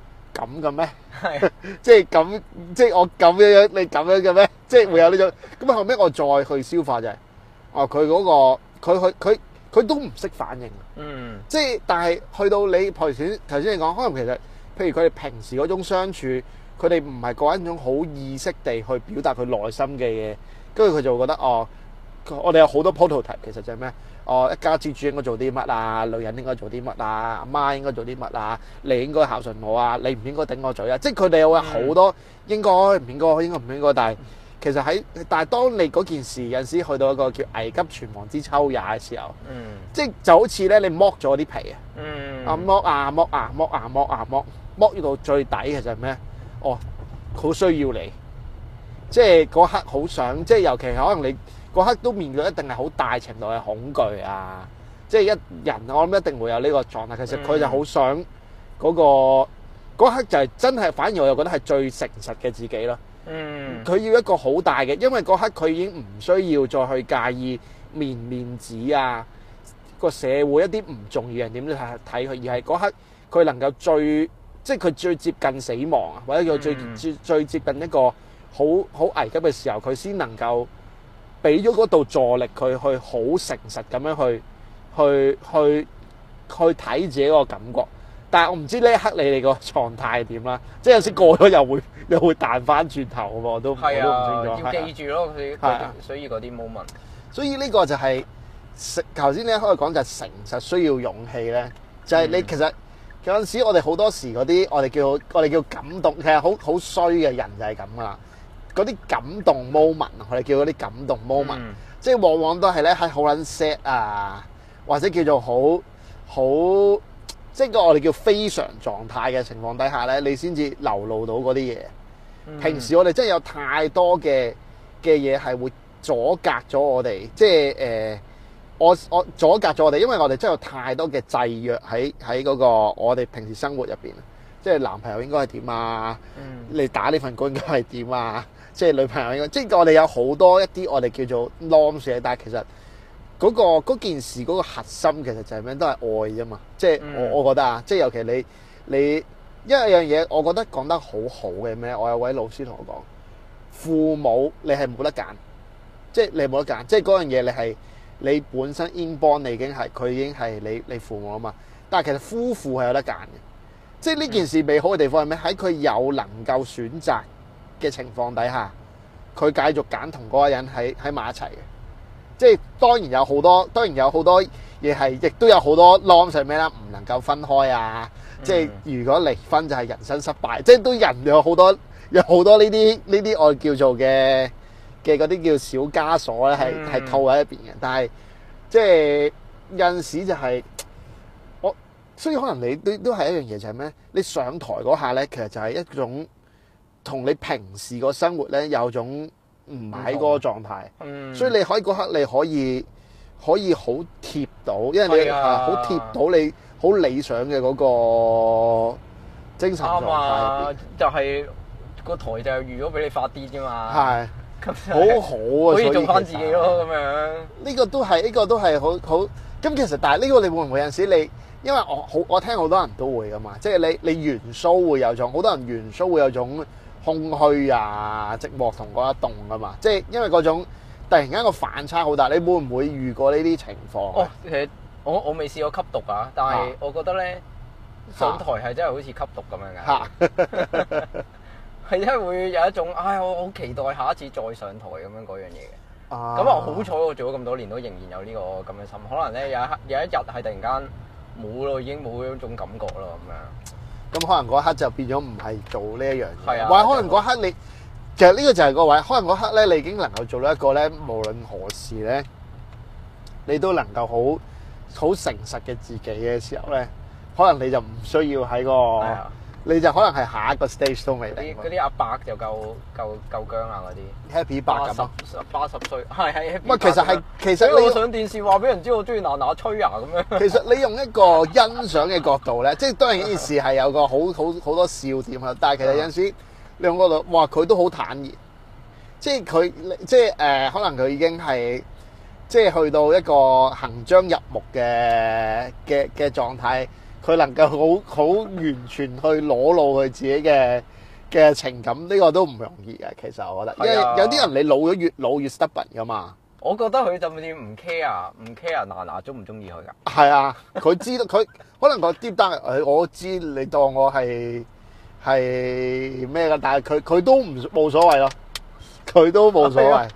Speaker 1: 咁嘅咩？係即係咁，即係我咁樣樣你咁樣嘅咩？即係會有呢種咁，後尾我再去消化就係。哦，佢嗰個佢去佢佢都唔識反應嗯，mm. 即係但係去到你頭先頭先你講，可能其實譬如佢哋平時嗰種相處，佢哋唔係嗰一種好意識地去表達佢內心嘅嘢，跟住佢就會覺得哦，我哋有好多 protocol 其實就係咩？哦，一家之主應該做啲乜啊？女人應該做啲乜啊？阿媽應該做啲乜啊？你應該孝順我啊？你唔應該頂我嘴啊？即係佢哋有好多、mm. 應該唔應該應該唔應該，但係。其實喺，但係當你嗰件事有陣時去到一個叫危急存亡之秋也嘅時候，mm. 即係就好似咧你剝咗啲皮、mm. 啊，剝啊剝啊、啊、剝啊、啊、剝啊、啊、剝啊剝剝到最底其實係咩？哦，好需要你，即係嗰刻好想，即係尤其可能你嗰刻都面對一定係好大程度嘅恐懼啊，即係一人我諗一定會有呢個狀態。其實佢就好想嗰、嗰個嗰、mm. 刻就係真係，反而我又覺得係最誠實嘅自己咯。嗯，佢要一個好大嘅，因為嗰刻佢已經唔需要再去介意面面子啊，個社會一啲唔重要嘅人點樣睇佢，而係嗰刻佢能夠最，即係佢最接近死亡啊，或者佢最最、mm. 最接近一個好好危急嘅時候，佢先能夠俾咗嗰度助力佢去好誠實咁樣去，去去去睇自己個感覺。但係我唔知呢一刻你哋個狀態點啦，即係有時過咗又會又會彈翻轉頭喎，我都唔清楚。啊啊、要記住咯，佢以
Speaker 2: 所以嗰啲 moment。
Speaker 1: 啊、所以呢個就係、是、誠，頭先你一開講就係誠實需要勇氣咧，就係、是、你、嗯、其實有陣時我哋好多時嗰啲我哋叫我哋叫感動，其實好好衰嘅人就係咁噶啦。嗰啲感動 moment，我哋叫嗰啲感動 moment、嗯、即係往往都係咧喺好撚 sad 啊，或者叫做好好。即個我哋叫非常狀態嘅情況底下咧，你先至流露到嗰啲嘢。平時我哋真係有太多嘅嘅嘢係會阻隔咗我哋，即係誒、呃、我我阻隔咗我哋，因為我哋真係有太多嘅制約喺喺嗰個我哋平時生活入邊。即係男朋友應該係點啊？嗯、你打呢份工應該係點啊？即係女朋友應該即我哋有好多一啲我哋叫做 nonsense 嘅，但係其實。嗰個嗰件事嗰個核心其實就係咩都係愛啫嘛，即係我我覺得啊，即係尤其你你，因為樣嘢我覺得講得好好嘅咩，我有位老師同我講，父母你係冇得揀，即係你冇得揀，即係嗰樣嘢你係你本身 inborn 你已經係佢已經係你你父母啊嘛，但係其實夫婦係有得揀嘅，即係呢件事美好嘅地方係咩？喺佢有能夠選擇嘅情況底下，佢繼續揀同嗰個人喺喺埋一齊嘅。即係當然有好多，當然有好多嘢係亦都有好多 l o 孏，即係咩啦？唔能夠分開啊！即係如果離婚就係人生失敗，嗯、即係都人有好多有好多呢啲呢啲我叫做嘅嘅嗰啲叫小枷鎖咧，係係套喺一邊嘅。但係即係有陣時就係、是、我，所以可能你都都係一樣嘢，就係咩？你上台嗰下咧，其實就係一種同你平時個生活咧有種。唔係嗰個狀態，嗯、所以你可以嗰刻你可以可以好貼到，因為你啊好貼到你好理想嘅嗰個精神狀態，嗯、
Speaker 2: 就係、是、個台就預咗俾你發啲啫嘛，係
Speaker 1: 好好啊， 可以做翻自己咯咁樣。呢個都係呢、呢個都係好好。咁其實但係呢個你會唔會有陣時你，因為我好我聽好多人都會噶嘛，即、就、係、是、你你，你元素會有種，好多人元素會有種。空虛啊，寂寞同嗰一凍啊嘛，即係因為嗰種突然間個反差好大，你會唔會遇過呢啲情況啊？哦、
Speaker 2: 其實我我未試過吸毒啊，但係我覺得咧、啊、上台係真係好似吸毒咁樣嘅，係因為會有一種，唉、哎，我好期待下一次再上台咁樣嗰樣嘢嘅。咁
Speaker 1: 啊，我好彩
Speaker 2: 我做咗咁多年都仍然有呢個咁嘅心，可能咧有一有一日係突然間冇咯，已經冇咗種感覺啦咁樣。
Speaker 1: 咁可能嗰刻就變咗唔係做呢一樣嘢，係啊，或者可能嗰刻你，其實呢個就係個位，可能嗰刻咧你已經能夠做到一個咧，無論何事咧，你都能夠好好誠實嘅自己嘅時候咧，可能你就唔需要喺個。你就可能係下一個 stage 都未定。嗰啲
Speaker 2: 阿伯就夠夠夠僵啊！嗰啲 Happy 爸咁哇，八十歲係係。唔，其實係其實你上電視話俾人知我中意娜娜吹啊咁樣。 其實
Speaker 1: 你用一個欣賞嘅角度咧，即係當然呢件事係有個好好好多笑點啊！但係其實有時你用個角度哇，佢都好坦然，即係佢即係誒、呃，可能佢已經係即係去到一個行將入木嘅嘅嘅狀態。佢能夠好好完全去裸露佢自己嘅嘅情感，呢 個都唔容易嘅。其實我覺得，啊、因為有啲人你老咗越，越老越 stubborn 噶嘛。
Speaker 2: 我覺得佢就算唔 care 唔 care 嗱嗱鍾唔鍾意佢噶。
Speaker 1: 係 啊，佢知道佢可能個 deep down。我知你當我係係咩㗎，但係佢佢都唔冇所謂咯，佢都冇所謂。
Speaker 2: 呢、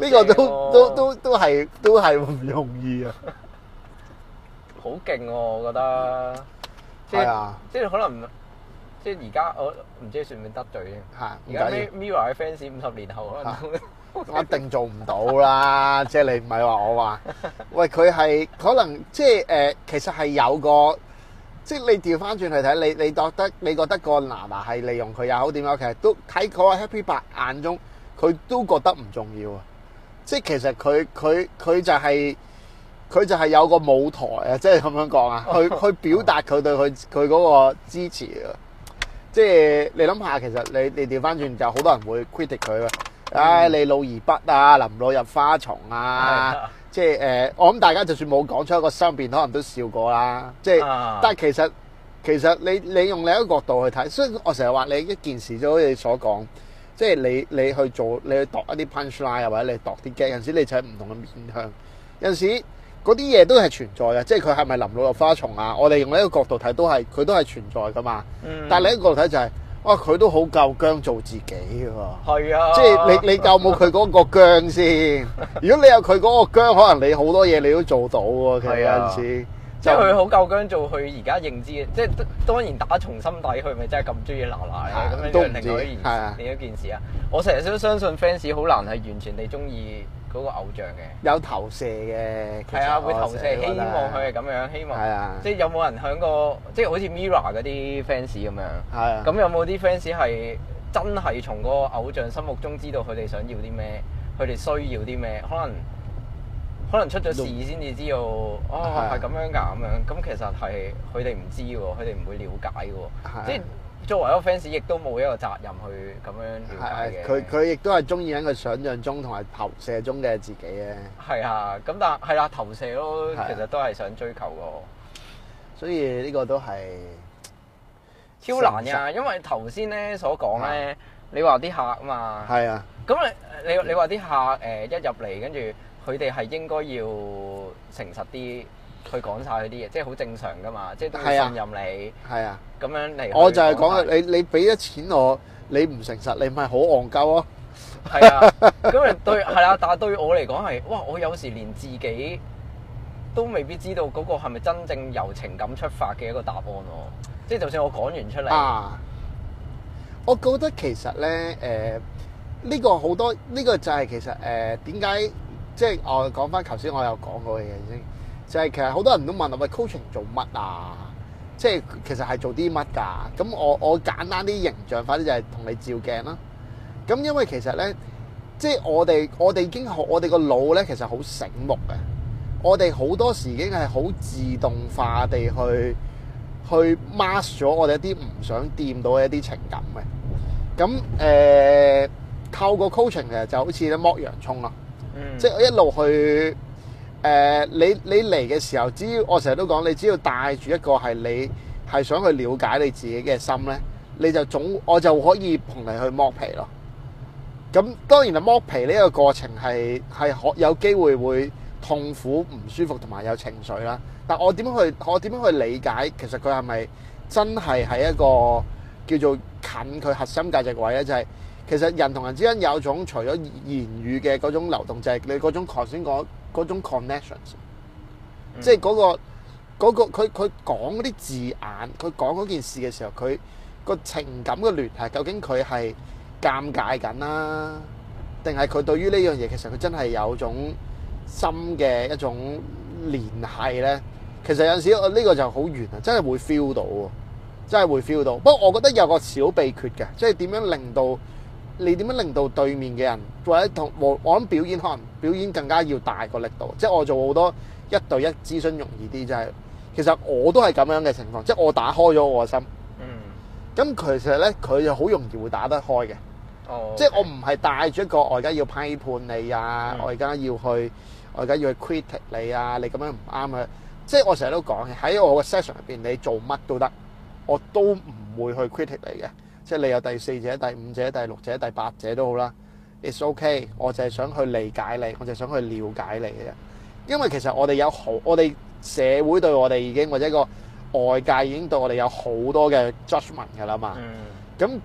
Speaker 2: 哎、呀個都、啊、都都
Speaker 1: 都係都係唔容易啊！
Speaker 2: 好勁喎，我覺得，
Speaker 1: 即係
Speaker 2: 即係可能，即係而家我唔知算唔算得罪先。而家 Mirror 嘅 fans 五十年後可
Speaker 1: 能，我一定做唔到啦。 即係你唔係話我話，喂佢係可能即係誒、呃，其實係有個，即係你調翻轉去睇，你你覺得你覺得個娜娜係利用佢又好點樣？其實都睇佢喺 Happy 爸眼中，佢都覺得唔重要啊。即係其實佢佢佢就係、是。佢就係有個舞台啊，即係咁樣講啊。去去表達佢對佢佢嗰個支持啊。即係你諗下，其實你你調翻轉，就好多人會 critic 佢啊。唉、嗯哎，你老而不啊，臨老入花叢啊。的即係誒、呃，我諗大家就算冇講出一個心辯，可能都笑過啦。即係，但係其實其實你你用另一個角度去睇，所以我成日話你一件事，就好似你所講，即係你你去做你去度一啲 punchline，或者你度啲 game，有陣時你就喺唔同嘅面向，有陣時。嗰啲嘢都係存在嘅，即係佢係咪林落落花叢啊？我哋用呢個角度睇都係，佢都係存在噶嘛。嗯、但係另一個角度睇就係、是，哇、啊，佢都好夠薑做自己噶嘛。係
Speaker 2: 啊，即係你你
Speaker 1: 夠冇佢嗰個薑先。 如果你有佢嗰個薑，可能你好多嘢你都做到喎。其實有陣時、啊就即，即係佢
Speaker 2: 好夠薑做，佢而家認知嘅，即係當然打從心底，佢咪真係咁中意娜娜嘅咁樣認定嗰件嗰件事啊？我成日都相信 fans 好難係完全地中意嗰個偶像嘅有投
Speaker 1: 射嘅，係啊，會投射，射希望佢係
Speaker 2: 咁樣，希望，的即係有冇人響過，即係好似 Mirror 嗰啲 fans 咁樣，係啊的，咁有冇啲 fans 係真係從個偶像心目中知道佢哋想要啲咩，佢哋需要啲咩？可能可能出咗事先至知道，六哦，係咁樣㗎，咁樣，咁的其實係佢哋唔知嘅，佢哋唔會了解嘅，即係的。作為一個 fans，亦都冇一個責任去咁樣瞭解嘅。佢佢
Speaker 1: 亦都係中意喺佢想像中同埋投射中嘅自己
Speaker 2: 咧。係啊，咁但係啦，投射咯，的其實都係想追求個。
Speaker 1: 所以呢個都係超難啊。
Speaker 2: 因為頭先咧所講咧，你話啲客啊嘛。係啊。咁你你你話啲客誒一入嚟，跟住佢哋係應該要誠實啲。佢講晒佢啲嘢，即係好正常噶嘛。即係信任你，係啊，咁樣嚟。我就係講啊，你
Speaker 1: 你俾咗錢我，你唔誠實，你唔係好戇鳩咯。係 啊，咁對係
Speaker 2: 啦、啊，但係對我嚟講係哇，我有時連自己都未必知道嗰個係咪真正由情感出發嘅一個答案咯。即係就算我講完出嚟啊，
Speaker 1: 我覺得其實咧，誒、呃、呢、呢個好多呢、呢個就係其實誒點解即係我講翻頭先我有講過嘅嘢先。就係其實好多人都問我喂，coaching 做乜啊？即係其實係做啲乜㗎？咁我我簡單啲形象，快啲就係、是、同你照鏡啦。咁因為其實咧，即係我哋我哋已經我哋個腦咧，其實好醒目嘅。我哋好多時已經係好自動化地去去 mask 咗我哋一啲唔想掂到嘅一啲情感嘅。咁誒、呃，透過 coaching 其實就好似咧剝洋葱啊，嗯、即係我一路去。誒，你你嚟嘅時候，只要我成日都講，你只要帶住一個係你係想去了解你自己嘅心咧，你就總我就可以同你去剝皮咯。咁當然啦，剝皮呢一個過程係係可有機會會痛苦唔舒服，同埋有，有情緒啦。但我點樣去我點樣去理解其實佢係咪真係喺一個叫做近佢核心價值位咧？就係，其實人同人之間有種除咗言語嘅嗰種流動，就係你嗰種頭先講。嗰種 connections，即係嗰、嗰個佢佢、嗰個、講嗰啲字眼，佢講嗰件事嘅時候，佢個情感嘅聯繫，究竟佢係尷尬緊啦，定係佢對於呢樣嘢其實佢真係有種深嘅一種聯繫咧？其實有陣時我呢、呢個就好玄啊，真係會 feel 到，真係會 feel 到。不過我覺得有個小秘訣嘅，即係點樣令到。你點樣令到對面嘅人或者同，我，我諗表演可能表演更加要大個力度，即係我做好多一對一諮詢容易啲，就係其實我都係咁樣嘅情況，即係我打開咗我個心。嗯。咁其實咧，佢就好容易會打得開嘅。哦。Okay，即係我唔係帶住一個我而家要批判你啊，嗯，我而家要去我而家要去 critic 你啊，你咁樣唔啱啊！即係我成日都講喺我個 session 入邊，你做乜都得，我都唔會去 critic 你嘅。即係你有第四者、第五者、第六者、第八者都好啦，it's okay，我就係想去理解你，我就係想去了解你嘅，因為其實我哋有好，我哋社會對我哋已經或者個外界已經對我哋有好多嘅 judgment 噶啦嘛，咁、mm.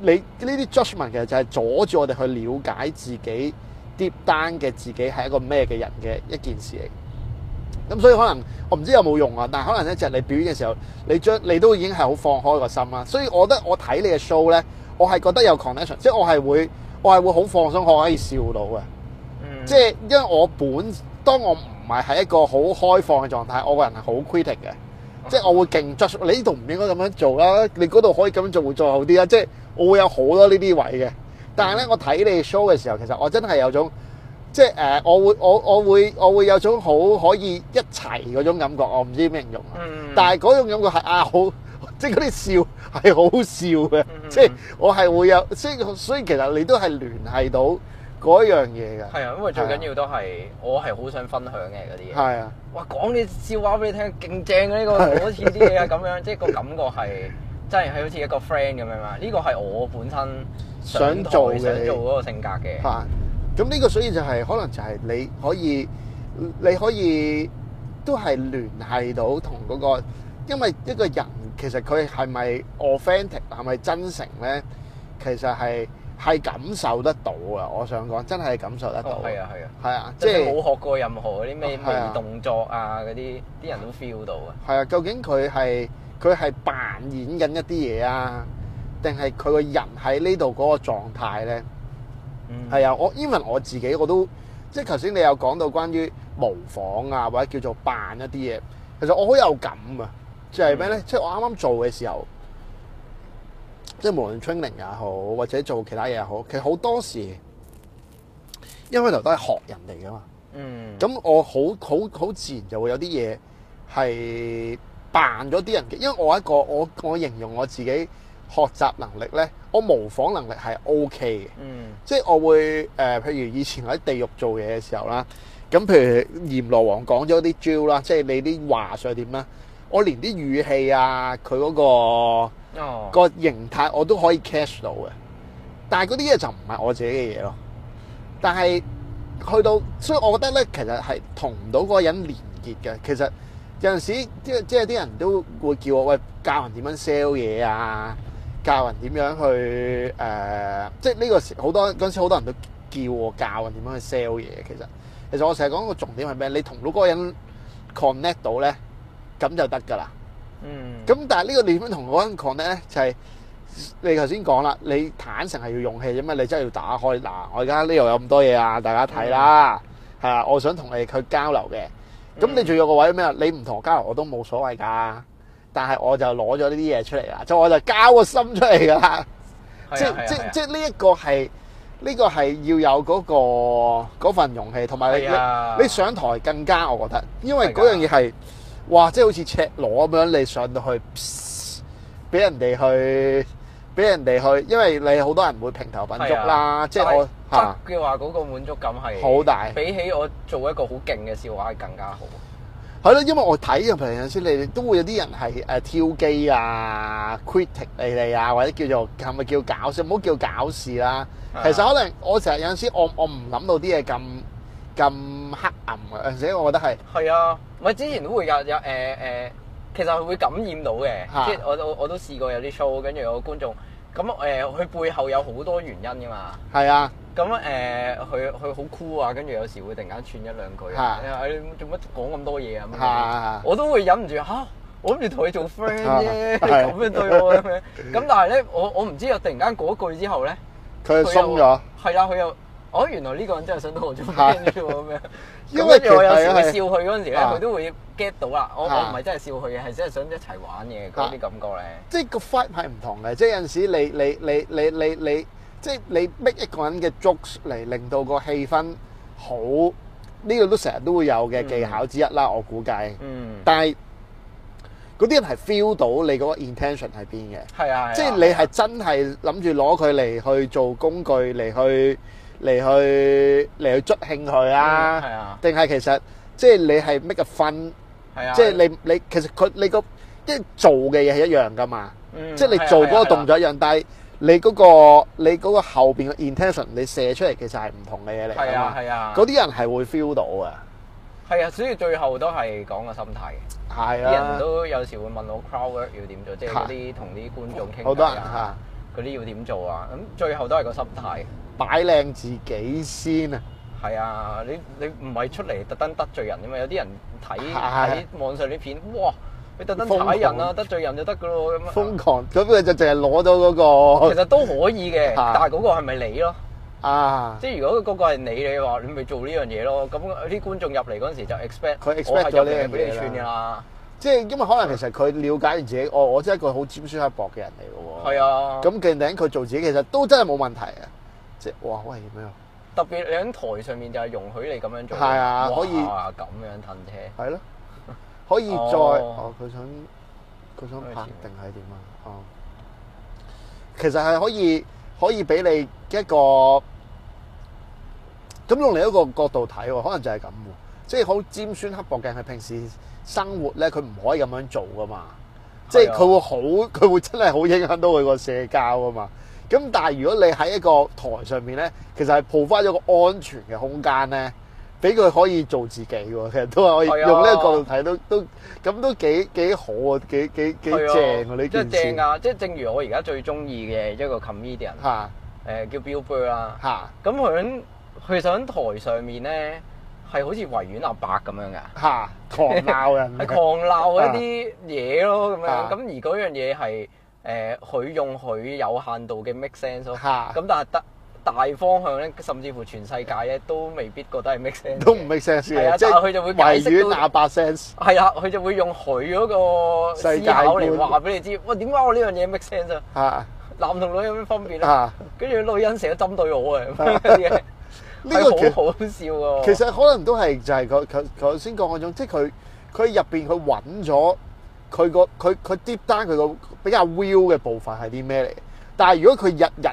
Speaker 1: 你呢啲 judgment 其實就係阻住我哋去了解自己 deep down 嘅自己係一個咩嘅人嘅一件事嚟。咁所以可能我唔知有冇用啊，但係可能咧就係你表演嘅時候，你將你都已經係好放開個心啦。所以我覺得我睇你嘅 show 咧，我係覺得有 connection，即係我係會我係會好放鬆，我可以笑到嘅。即係、嗯、因為我本當我唔係喺一個好開放嘅狀態，我個人係 crit、嗯、好 critic 嘅，即係我會勁 judge 你呢度唔應該咁樣做啦，你嗰度可以咁樣做會再好啲啦。即係我會有好多呢啲位嘅，但係咧我睇你嘅 show 嘅時候，其實我真係有種。即係誒，我會我我會我會有種好可以一齊嗰種感覺，我唔知咩形容。嗯，嗯。但係嗰種感覺係啊，好即係嗰啲笑係好笑嘅，嗯嗯即係我係會有，所以所以其實你都係聯繫到嗰樣嘢㗎。係啊，因為最緊
Speaker 2: 要都係、啊、我係好想分享嘅嗰啲嘢。係啊。哇，講啲笑話俾你聽，勁正嘅呢個好似啲嘢啊咁 樣，即係個感覺係真係好似一個 friend 咁樣啊！呢個係我本身想做想做嗰個做性格嘅。
Speaker 1: 咁呢個所以就係、是、可能就係你可以你可以都係聯繫到同嗰、那個，因為一個人其實佢係咪 authentic 係咪真誠咧？其實係係感受得到啊。我想講真係感受得到。係啊係啊，係啊，即係冇學
Speaker 2: 過任何啲咩微動作啊嗰啲，啲、哦啊、人都 feel 到啊。
Speaker 1: 係啊，究竟佢係佢係扮演緊一啲嘢啊，定係佢個人喺呢度嗰個狀態咧？係啊，mm hmm. 我因為我自己我都即係頭先你有講到關於模仿啊或者叫做扮一啲嘢，其實我好有感啊，就係咩咧？Mm hmm. 即係我啱啱做嘅時候，即係無論 training 也好或者做其他嘢也好，其實好多時一開頭都係學人嚟㗎嘛。嗯、mm，咁、hmm. 我好好好自然就會有啲嘢係扮咗啲人嘅，因為我一個我我形容我自己。學習能力咧，我模仿能力係 O K 嘅，嗯、即係我會誒、呃。譬如以前喺地獄做嘢嘅時候啦，咁譬如閻羅王講咗啲招啦，即係你啲話術點啦，我連啲語氣啊，佢嗰、嗰個哦、個形態我都可以 cash 到嘅。但係嗰啲嘢就唔係我自己嘅嘢咯。但係去到，所以我覺得咧，其實係同唔到嗰個人連結嘅。其實有陣時即即係啲人都會叫我喂，教人點樣 sell 嘢啊。教人點樣去誒、呃，即係呢個時好多嗰陣好多人都叫我教人點樣去 sell 嘢。其實其實我成日講個重點係咩？你同到嗰個人 connect 到咧，咁就得㗎啦。嗯。咁但係呢個你點樣同嗰人 connect 咧？就係、是、你頭先講啦，你坦誠係要勇氣啫嘛，你真係要打開。嗱，我而家呢度有咁多嘢啊，大家睇啦，係啊、嗯，我想同你去交流嘅。咁你仲有個位咩啊？你唔同我交流我都冇所謂㗎。但係我就攞咗呢啲嘢出嚟啦，就我就交個心出嚟噶啦，即即即呢一個係呢個係要有嗰個嗰份勇氣，同埋你你上台更加，我覺得，因為嗰樣嘢係哇，即係好似赤裸咁樣，你上到去俾人哋去俾人哋去，因為你好多人會平頭品足啦，即係我嚇
Speaker 2: 嘅話嗰個滿足感係好大，比起我做一個好勁嘅笑話係更加好。
Speaker 1: 係咯，因為我睇人哋有陣時，你都會有啲人係誒跳機啊、critic 你哋啊，或者叫做係咪叫搞笑？唔好叫搞事啦。事啊啊、其實可能我成日有陣時，我我唔諗到啲嘢咁咁黑暗嘅，而且我覺得係
Speaker 2: 係啊，我之前都會㗎，有誒誒，其實會感染到嘅，啊、即係我我我都試過有啲 show，跟住有個觀眾。咁誒，佢、嗯呃、背後有好多原因㗎嘛？係啊。咁誒、嗯，佢佢好酷啊，跟住有時會突然間串一兩句。係、啊哎。你做乜講咁多嘢啊、嗯？我都會忍唔住嚇、啊，我諗住同你做 friend 啫，咁樣、啊、對我咁樣。咁、啊、 但係咧，我我唔知啊！突然間嗰句之後咧，佢鬆咗。係啦，佢又。我原來呢個人真係
Speaker 1: 想套住我咁樣，因為我有時笑佢嗰陣時咧，佢都
Speaker 2: 會 get 到啦。我我唔係真係笑佢嘅，係真係想一齊玩嘅嗰啲感覺咧。
Speaker 1: 即係個 vibe 係唔同嘅，即係有陣時你你你你你你，即係你逼一個人嘅 jokes 嚟，令到個氣氛好，呢個都成日都會有嘅技巧之一啦。我估計，但係嗰啲人係 feel 到你嗰個 intention 喺邊嘅，係啊，即係你係真係諗住攞佢嚟去做工具嚟去。嚟去嚟去祝興佢、嗯、啊！定係其實即係你係 make 個 fun？即係你 fun，啊、即你，你其實佢你、嗰個即係做嘅嘢係一樣噶嘛？嗯、即係你做嗰個動作一樣，啊啊、但係你嗰、嗰個你嗰個後邊嘅 intention 你射出嚟，其實係唔同嘅嘢嚟。係啊係啊！嗰啲人係會 feel 到啊。
Speaker 2: 係啊，所以最後都係講個心態。係啊，人都有時會問我 crowd work 要點做，即係嗰啲同啲觀眾傾偈啊，好多人啊，嗰啲要點做啊？咁、啊、最後都係個心態。
Speaker 1: 擺靚自己先啊！係啊，
Speaker 2: 你你唔係出嚟特登得罪人啊嘛！有啲人睇喺網上啲片，哇！你特登踩人啊，瘋狂！得罪人就，就得㗎咯咁樣！
Speaker 1: 瘋狂咁佢就淨係攞咗嗰個，其實
Speaker 2: 都可以嘅，但係嗰個係咪你咯？
Speaker 1: 啊！即係
Speaker 2: 如果嗰個係你你話，你咪做呢樣嘢咯。咁啲觀眾入嚟嗰陣時就 expect 佢 expect 咗你俾你串㗎啦。
Speaker 1: 即係因為可能其實佢了解了自己，哦、我我真係一個好尖酸刻薄嘅人嚟嘅喎。係啊，咁夾硬佢做自己，其實都真係冇問題嘅。哇，好危險啊！
Speaker 2: 特別你喺台上面就係容許你咁樣做，係啊的，嘩可以哇
Speaker 1: 咁樣褪車，係咯，可以再佢、哦哦、想佢想拍定係點啊？哦，其實係可以可以俾你一個咁用另一個角度睇，可能就係咁，即係好尖酸刻薄嘅係平時生活咧，佢唔可以咁樣做噶嘛，即係佢會好，佢會真係好影響到佢個社交噶嘛。咁但係如果你喺一個台上面咧，其實係抱翻咗個安全嘅空間咧，俾佢可以做自己喎。其實都係可以用呢個角度睇都都咁都幾幾好啊，幾幾幾正啊呢件事。即係正㗎，即
Speaker 2: 係正如我而家最中意嘅一個 comedian。嚇誒叫 Bill Burr 啦。啊。嚇咁響佢想台上面咧係好似維園阿伯咁樣㗎。嚇狂鬧啊！係狂鬧一啲嘢咯咁樣。咁、啊啊、而嗰樣嘢係。誒，佢用佢有限度嘅 make sense 咯，咁但係得大方向咧，甚至乎全世界咧都未必覺得係 make sense，都
Speaker 1: 唔 make sense 嘅，即係圍繞喇叭 sense。
Speaker 2: 係啊，佢就會用佢嗰個思考嚟話俾你知。喂，點解我呢樣嘢 make sense 啊？男同女有咩分別啊？跟住女人成日針對我啊，
Speaker 1: 呢個好好
Speaker 2: 笑啊，其實
Speaker 1: 可能都係就係佢頭頭先講嗰種，即係佢佢入邊佢揾咗佢個佢佢 deep down 佢個。比較 Will 嘅部分係啲咩嚟？但係如果佢日日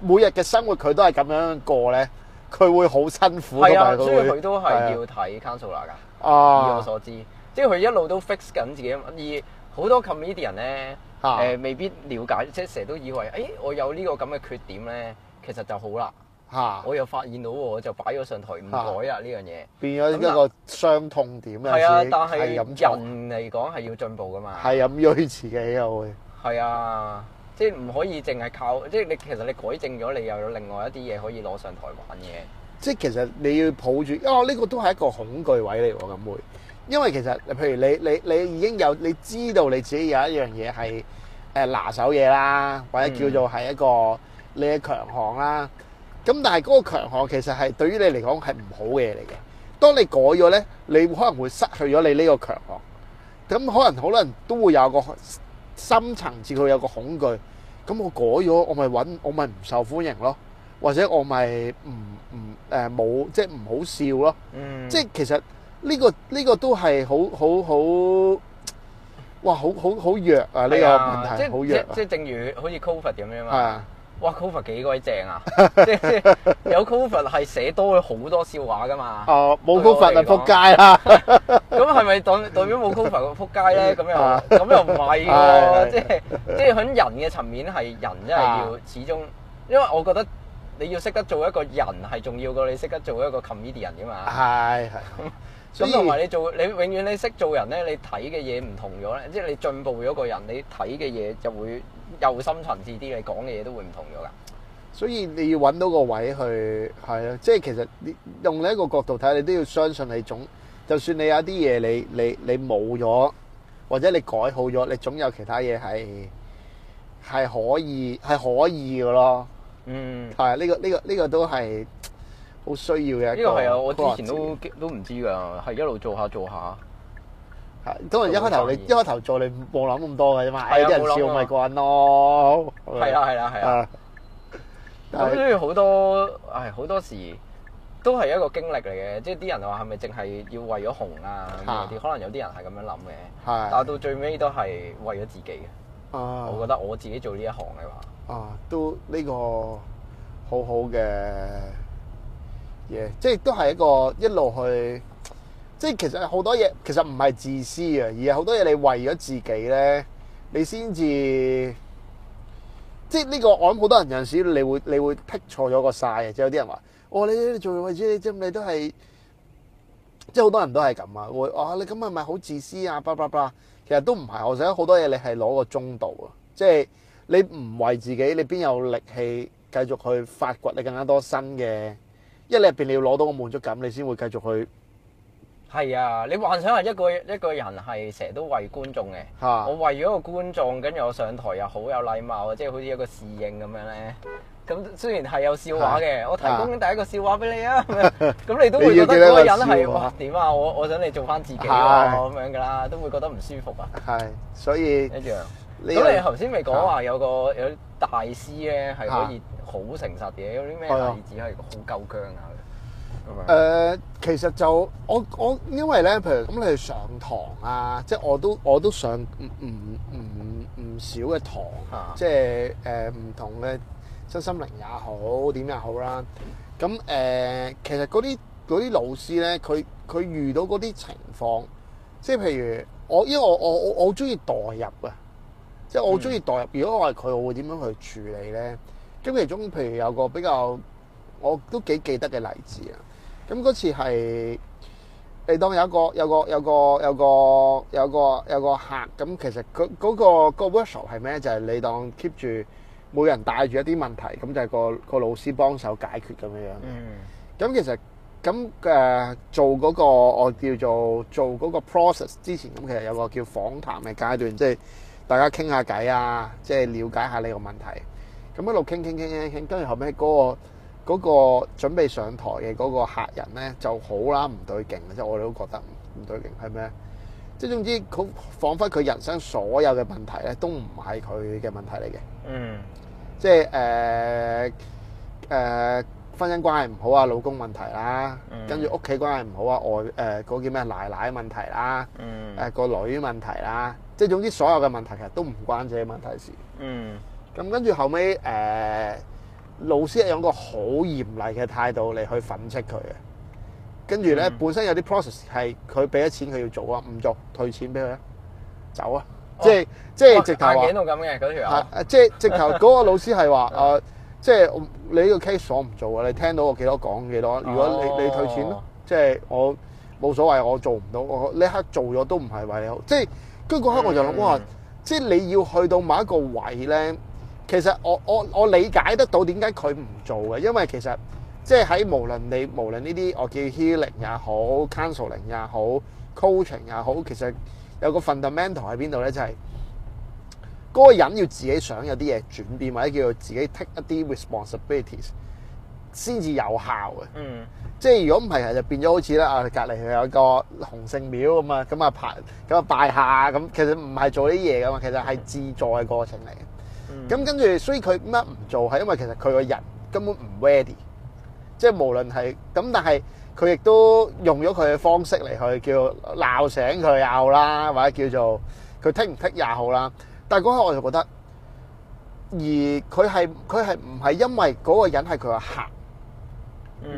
Speaker 1: 每日嘅生活佢都係咁樣過咧，佢會好辛苦㗎啊，的所以佢都係要
Speaker 2: 睇 c o n c o l e 㗎。哦，啊、
Speaker 1: 我所知，
Speaker 2: 即係佢一路都 fix 緊自己。而好多 comedy 人咧，誒、呃、未必了解，即係成日都以為，誒、哎、我有呢、這個咁嘅缺點咧，其實就好啦。嚇！啊、我又發現到喎，我就擺咗上台唔改啊呢樣嘢，
Speaker 1: 變咗一個傷痛點。係啊，自己但係人
Speaker 2: 嚟講係要進步㗎嘛。係
Speaker 1: 咁，要自己啊會。
Speaker 2: 係啊，即係唔可以淨係靠即係你。其實你改正咗，你又有另外一啲嘢可以攞上台玩嘢。
Speaker 1: 即係其實你要抱住哦，呢、呢個都係一個恐懼位嚟喎。咁會，因為其實譬如你你你，你已經有你知道你自己有一樣嘢係誒拿手嘢啦，或者叫做係一個、嗯、你嘅強項啦。咁但係嗰個強項其實係對於你嚟講係唔好嘅嘢嚟嘅。當你改咗咧，你可能會失去咗你呢個強項。咁可能好多人都會有個深層次佢有個恐懼。咁我改咗，我咪揾我咪唔受歡迎咯，或者我咪唔唔誒冇即係唔好笑咯。嗯、即係其實呢、個呢、個都係好好好哇好好好弱啊呢、哎、呀個問題，好是弱、啊、即
Speaker 2: 係正如好似 cover 咁樣嘛。哇 cover 幾鬼正啊！ 即
Speaker 1: 係
Speaker 2: 有 cover 係寫多咗好多笑話噶嘛。
Speaker 1: 哦， 冇 cover 就撲街啦！咁
Speaker 2: 係咪代代表冇 cover 個撲街咧？咁 又咁又唔係嘅，即係即係喺人嘅層面係人真係要始終，因為我覺得你要識得做一個人係重要過你識得做一個 comedian 人噶嘛。係係的。咁同埋你做你永遠你識做人咧，你睇嘅嘢唔同咗咧，即係你進步咗個人，你睇嘅嘢就會。又深層次啲，你講嘅嘢都會唔同咗噶。
Speaker 1: 所以你要揾到個位去，係啊，即係其實你用另一個角度睇，你都要相信你總，就算你有啲嘢你你你冇咗，或者你改好咗，你總有其他嘢係係可以係可以嘅咯。嗯，係啊，呢個呢個呢個都係好需要嘅一個。呢個係啊，我之前都
Speaker 2: 都唔知㗎，係一路做下做下。係，當然一開頭你一開頭
Speaker 1: 做你冇諗咁多嘅啫嘛，有啲的人笑咪慣咯，好。係啦，係、no、啦，係啦。咁所以
Speaker 2: 好多係好、哎、多時都係一個經歷嚟嘅，即係啲人話係咪淨係要為咗紅啊嗰啲，啊、可能有啲人係咁樣諗嘅。係、啊，但到最尾都係為咗自己嘅。啊、我覺得我自己做呢一行嘅話，
Speaker 1: 啊，都呢個好好嘅嘢，yeah，即係都係一個一路去。即係其實好多嘢，其實唔係自私啊，而係好多嘢你為咗自己咧，你先至即係呢個我諗好多人有時你會你會剔錯咗個晒啊！即係有啲人話：哦，你，你做為咗你，你都係即係好多人都係咁啊！會啊、哦、你咁係咪好自私啊？巴拉巴拉，其實都唔係，我想好多嘢你係攞個中道啊！即係你唔為自己，你邊有力氣繼續去發掘你更加多新嘅？因為你入邊你要攞到個滿足感，你先會繼續去。
Speaker 2: 係啊，你幻想係一個一個人係成日都為觀眾嘅，啊、我為咗個觀眾，跟住我上台又好有禮貌，即係好似一個侍應咁樣咧。咁雖然係有笑話嘅，啊、我提供第一個笑話俾你啊。咁 你都會覺得嗰個人係話點啊？我我想你做翻自己啊咁樣噶啦，啊、都會覺得唔舒服啊。係、啊，
Speaker 1: 所以一樣。咁你頭先咪講話
Speaker 2: 有個有啲大師咧，係可以好誠實嘅，有啲咩例子係好夠薑啊？誒
Speaker 1: ，uh, 其實就我我因為咧，譬如咁，你去上堂啊，即係我都我都上唔唔唔少嘅堂，啊啊、即係誒唔同嘅身心靈也好，點也好啦、啊。咁誒、呃，其實嗰啲啲老師咧，佢佢遇到嗰啲情況，即係譬如我，因為我我我好中意代入啊，即係我中意代入。嗯、如果我係佢，我會點樣去處理咧？咁其中，譬如有個比較我都幾記得嘅例子啊。咁嗰次係你當有一個有一個有個有個有個有個客，咁其實嗰、那、嗰個、那個 workshop 係咩？就係、是、你當 keep 住每人帶住一啲問題，咁就係個個老師幫手解決咁樣樣。咁其實咁誒、呃、做嗰、那個我叫做做嗰個 process 之前，咁其實有個叫訪談嘅階段，即、就、係、是、大家傾下偈啊，即、就、係、是、了解下你個問題。咁一路傾傾傾傾傾，跟住後尾嗰、那個。嗰個準備上台嘅嗰個客人咧，就好啦唔對勁，即係我哋都覺得唔對勁，係咩？即係總之佢彷彿佢人生所有嘅問題咧，都唔係佢嘅問題嚟嘅。嗯、mm.。即係誒誒，婚姻關係唔好啊，老公問題啦，跟住屋企關係唔好啊，外誒嗰叫咩奶奶問題啦，誒、mm. 呃、個女問題啦，即係總之所有嘅問題其實都唔關自己問題事。嗯、mm.。咁跟住後尾。誒。老師係用個好嚴厲嘅態度嚟去訓斥佢嘅，跟住咧本身有啲 process 係佢俾咗錢佢要做啊，唔做退錢俾佢，啊。走啊，哦、即係即係直頭話。到景咁
Speaker 2: 嘅條即係直頭嗰
Speaker 1: 個老師係話，誒、呃，即係你呢個 case 我唔做啊，你聽到我幾多講幾多，多，如果你你退錢咯，哦、即係我冇所謂，我做唔到，我呢刻做咗都唔係為你好，即係嗰、那個刻我就諗，哇、嗯，即係你要去到某一個位咧。其實我我我理解得到點解佢唔做嘅，因為其實即係喺無論你無論呢啲我叫 healing 也好，counseling 也好，coaching 也好，其實有個 fundamental 喺邊度咧，就係嗰個人要自己想有啲嘢轉變，或者叫做自己 take 一啲 responsibilities 先至有效嘅。嗯，即係如果唔係，就變咗好似咧啊，隔離佢有一個洪聖廟啊咁啊拍咁啊拜，拜下咁，其實唔係做啲嘢噶嘛，其實係自助嘅過程嚟。咁跟住，所以佢乜唔做，係因為其實佢個人根本唔 ready，即係無論係咁，但係佢亦都用咗佢嘅方式嚟去叫鬧醒佢啊，或者叫做佢聽唔聽也好啦。但係嗰刻我就覺得，而佢係佢係唔係因為嗰個人係佢嘅客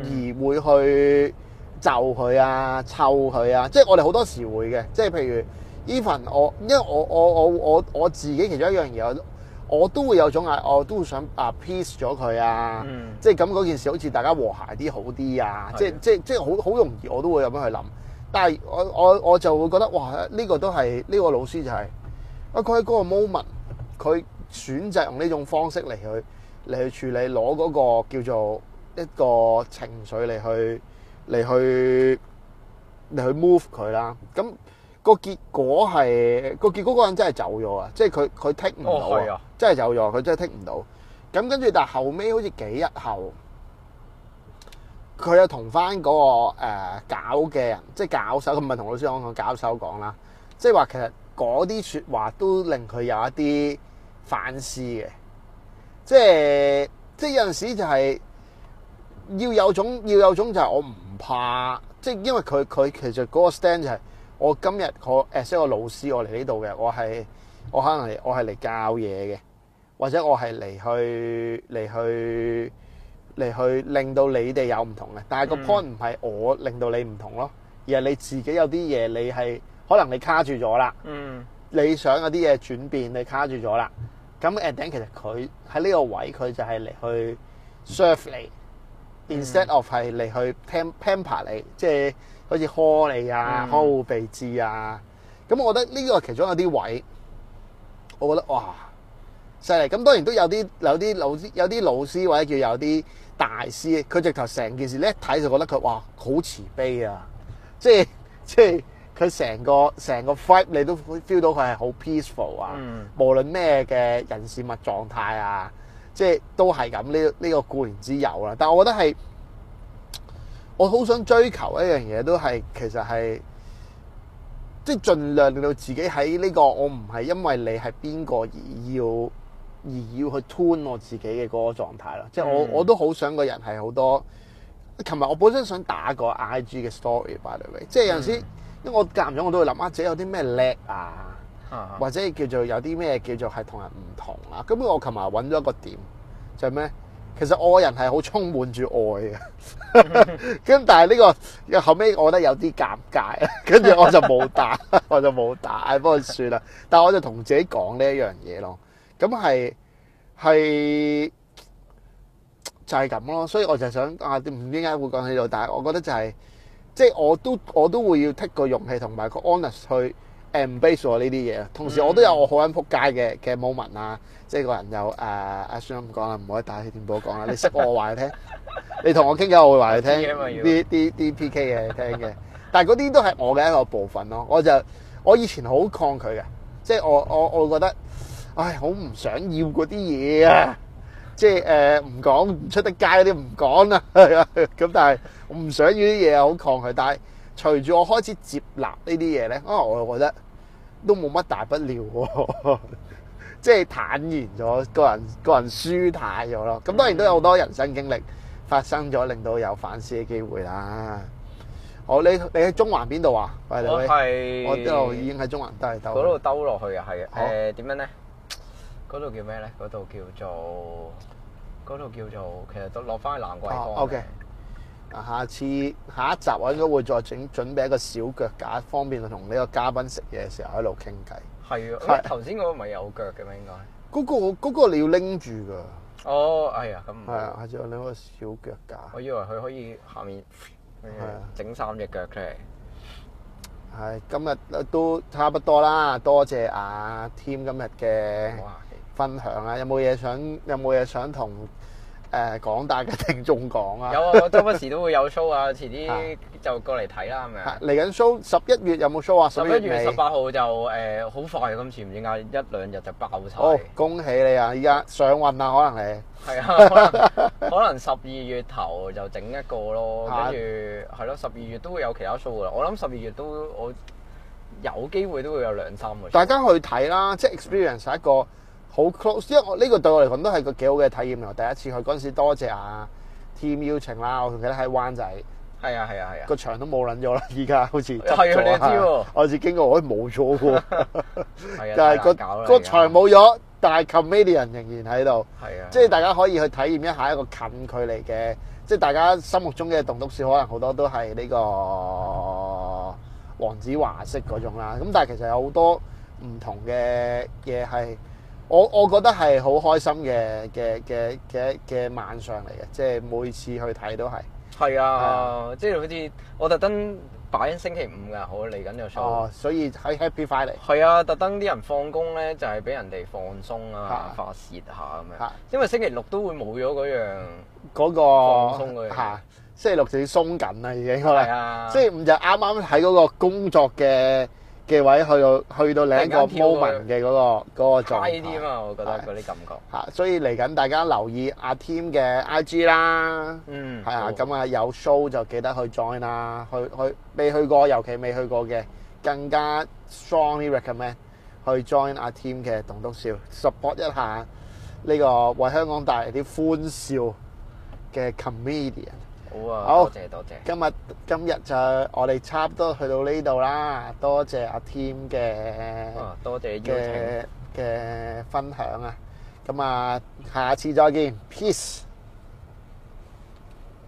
Speaker 1: 而會去就佢啊、湊佢啊？即係我哋好多時會嘅，即係譬如 even 我，因為我我我我我自己其中一樣嘢。我都會有種啊，我都會想啊，peace 咗佢啊，嗯、即係咁嗰件事好似大家和諧啲好啲啊，是的 即係即係即係好好容易，我都會咁樣去諗。但係我我我就會覺得哇，呢、這個都係呢、這個老師就係、是，我佢喺嗰個 moment，佢選擇用呢種方式嚟去嚟去處理，攞嗰個叫做一個情緒嚟去嚟去嚟去 move 佢啦。咁。個結果係個結果，嗰個人真係走咗、哦、啊！即係佢佢踢唔到啊，真係走咗，佢真係踢唔到。咁跟住，但係後尾好似幾日後，佢又同翻嗰個誒、呃、搞嘅人，即係搞手，咁咪同老師講個搞手講啦。即係話其實嗰啲說話都令佢有一啲反思嘅，即係即係有陣時就係要有種要有種就係我唔怕，即係因為佢佢其實嗰個 stand 就係。我今日我 as 一個老師，我嚟呢度嘅，我係我可能係我係嚟教嘢嘅，或者我係嚟去嚟去嚟去令到你哋有唔同嘅，但係個 point 唔係我令到你唔同咯，而係你自己有啲嘢你係可能你卡住咗啦，嗯、你想有啲嘢轉變你卡住咗啦，咁 and then 其實佢喺呢個位佢就係嚟去 serve 你、嗯、instead of 係嚟去 pamper 你，即係。好似哈利啊、康貝智啊，咁我覺得呢個其中有啲位，我覺得哇，犀利！咁當然都有啲有啲老有啲老師，老師或者叫有啲大師，佢直頭成件事你一睇就覺得佢哇好慈悲啊！即係即係佢成個成個 frame 你都 feel 到佢係好 peaceful 啊！嗯、無論咩嘅人事物狀態啊，即係都係咁呢呢個固然之有啦，但係我覺得係。我好想追求一樣嘢，都係其實係即係盡量令到自己喺呢、這個，我唔係因為你係邊個而要而要去 tune 我自己嘅嗰個狀態啦。即係我、嗯、我都好想個人係好多。琴日我本身想打個 I G 嘅 story by the way 即係有陣時，嗯、因為我間唔中我都會諗啊，自己有啲咩叻啊，或者叫做有啲咩叫做係同人唔同啊。咁我琴日揾咗一個點，就係、是、咩？其實我個人係好充滿住愛嘅，跟 但係呢、呢個後尾我覺得有啲尷尬，跟 住我就冇打, 打，我就冇打，不過算啦。但我就同自己講呢一樣嘢咯，咁係係就係咁咯。所以我就想啊，唔知點解會講起度，但係我覺得就係即係我都我都會要剔個勇氣同埋個 honest 去。embrace 我呢啲嘢，同時我都有我好撚仆街嘅嘅 moment 啊，即係個人又誒阿孫咁講啦，唔可以大氣電波講啦，你識我話你聽，你同我傾偈我會話你聽，啲啲啲 PK 嘅聽嘅，但係嗰啲都係我嘅一個部分咯，我就我以前好抗拒嘅。即係我我我覺得唉好唔想要嗰啲嘢啊， 即係誒唔講唔出得街嗰啲唔講啊。咁 但係我唔想要啲嘢好抗拒，但係。隨住我開始接納呢啲嘢咧，啊我又覺得都冇乜大不了喎， 即係坦然咗，個人個人舒泰咗咯。咁當然都有好多人生經歷發生咗，令到有反思嘅機會啦。好，你你喺中環邊度啊？我係是我都已經喺中環都，都係兜度
Speaker 2: 兜落去嘅，係嘅。誒點、哦呃、樣咧？嗰度叫咩咧？嗰度叫做嗰度叫做其實都落翻去蘭桂坊嘅。哦 okay.
Speaker 1: 下次，下一集我應該會再整準備一個小腳架，方便同呢個嘉賓食嘢嘅時候喺度傾偈。
Speaker 2: 係啊，頭先嗰個咪有腳嘅咩？應該
Speaker 1: 嗰個嗰、那個你要拎住噶。
Speaker 2: 哦，哎呀，咁
Speaker 1: 唔係啊，下次我拎個小腳架。
Speaker 2: 我以為佢可以下面係啊，整、嗯、的三隻腳嘅。
Speaker 1: 係，今日都差不多啦。多謝阿、啊、t e m 今日嘅分享啊！有冇嘢想有冇嘢想同？誒廣大嘅聽眾講啊，有啊，我周不
Speaker 2: 時都會有 show 啊，遲啲就過嚟睇啦，係咪啊？
Speaker 1: 嚟緊 show 十一月有冇 show 啊？十一月十八
Speaker 2: 號就誒，好快咁，今次唔知點解一兩日就爆曬。好，
Speaker 1: 恭喜你啊！依家上運啊，可能你係
Speaker 2: 啊，可能可能十二月頭就整一個咯，跟住係咯，十二月都會有其他 show 嘅。我諗十二月都我有機會都會有兩三個，大
Speaker 1: 家去睇啦。即係 experience 係一個。好 close，因為我呢個對我嚟講都係個幾好嘅體驗嚟。第一次去嗰陣時多謝啊 team 邀請啦，我同佢哋喺灣仔係啊係啊係啊個場都冇撚咗啦，而家好似係啊，我似經過，我都冇錯嘅，係 啊，個搞個場冇咗，但係 comedian 仍然喺度，係啊，即係大家可以去體驗一下一個近距離嘅，即係大家心目中嘅棟篤笑，可能好多都係呢個黃子華式嗰種啦。咁、嗯、但係其實有好多唔同嘅嘢係。我我覺得係好開心嘅嘅嘅嘅嘅晚上嚟嘅，即係每次去睇都係。
Speaker 2: 係啊，即係好似我特登擺喺星期五㗎，我嚟緊就想。哦，所以喺好 Happy Friday 嚟，係啊，特登啲人放工咧，就係俾人哋放鬆啊，發洩下咁樣。嚇的！
Speaker 1: 因為星期六都會冇咗嗰樣嗰個。放鬆嗰樣。星期六就要鬆緊啦，已經我係啊。的星期五就啱啱喺嗰個工作嘅，嘅位去到去到另一個 moment 嘅嗰個嗰個狀態。添啊，我
Speaker 2: 覺得嗰啲感覺。
Speaker 1: 嚇，所以嚟緊大家留意阿添嘅 IG 啦，嗯，係啊，咁啊有 show 就記得去 join 啦，去去未去過尤其未去過嘅更加 strongly recommend 去 join 阿添嘅棟篤笑，support 一下呢個為香港帶嚟啲歡笑嘅 comedian 啊！好啊！多謝多謝，今日今日就我哋差唔多去到呢度啦，多謝阿 Tim 嘅多謝嘅嘅分享啊，咁啊，下次再見，Peace。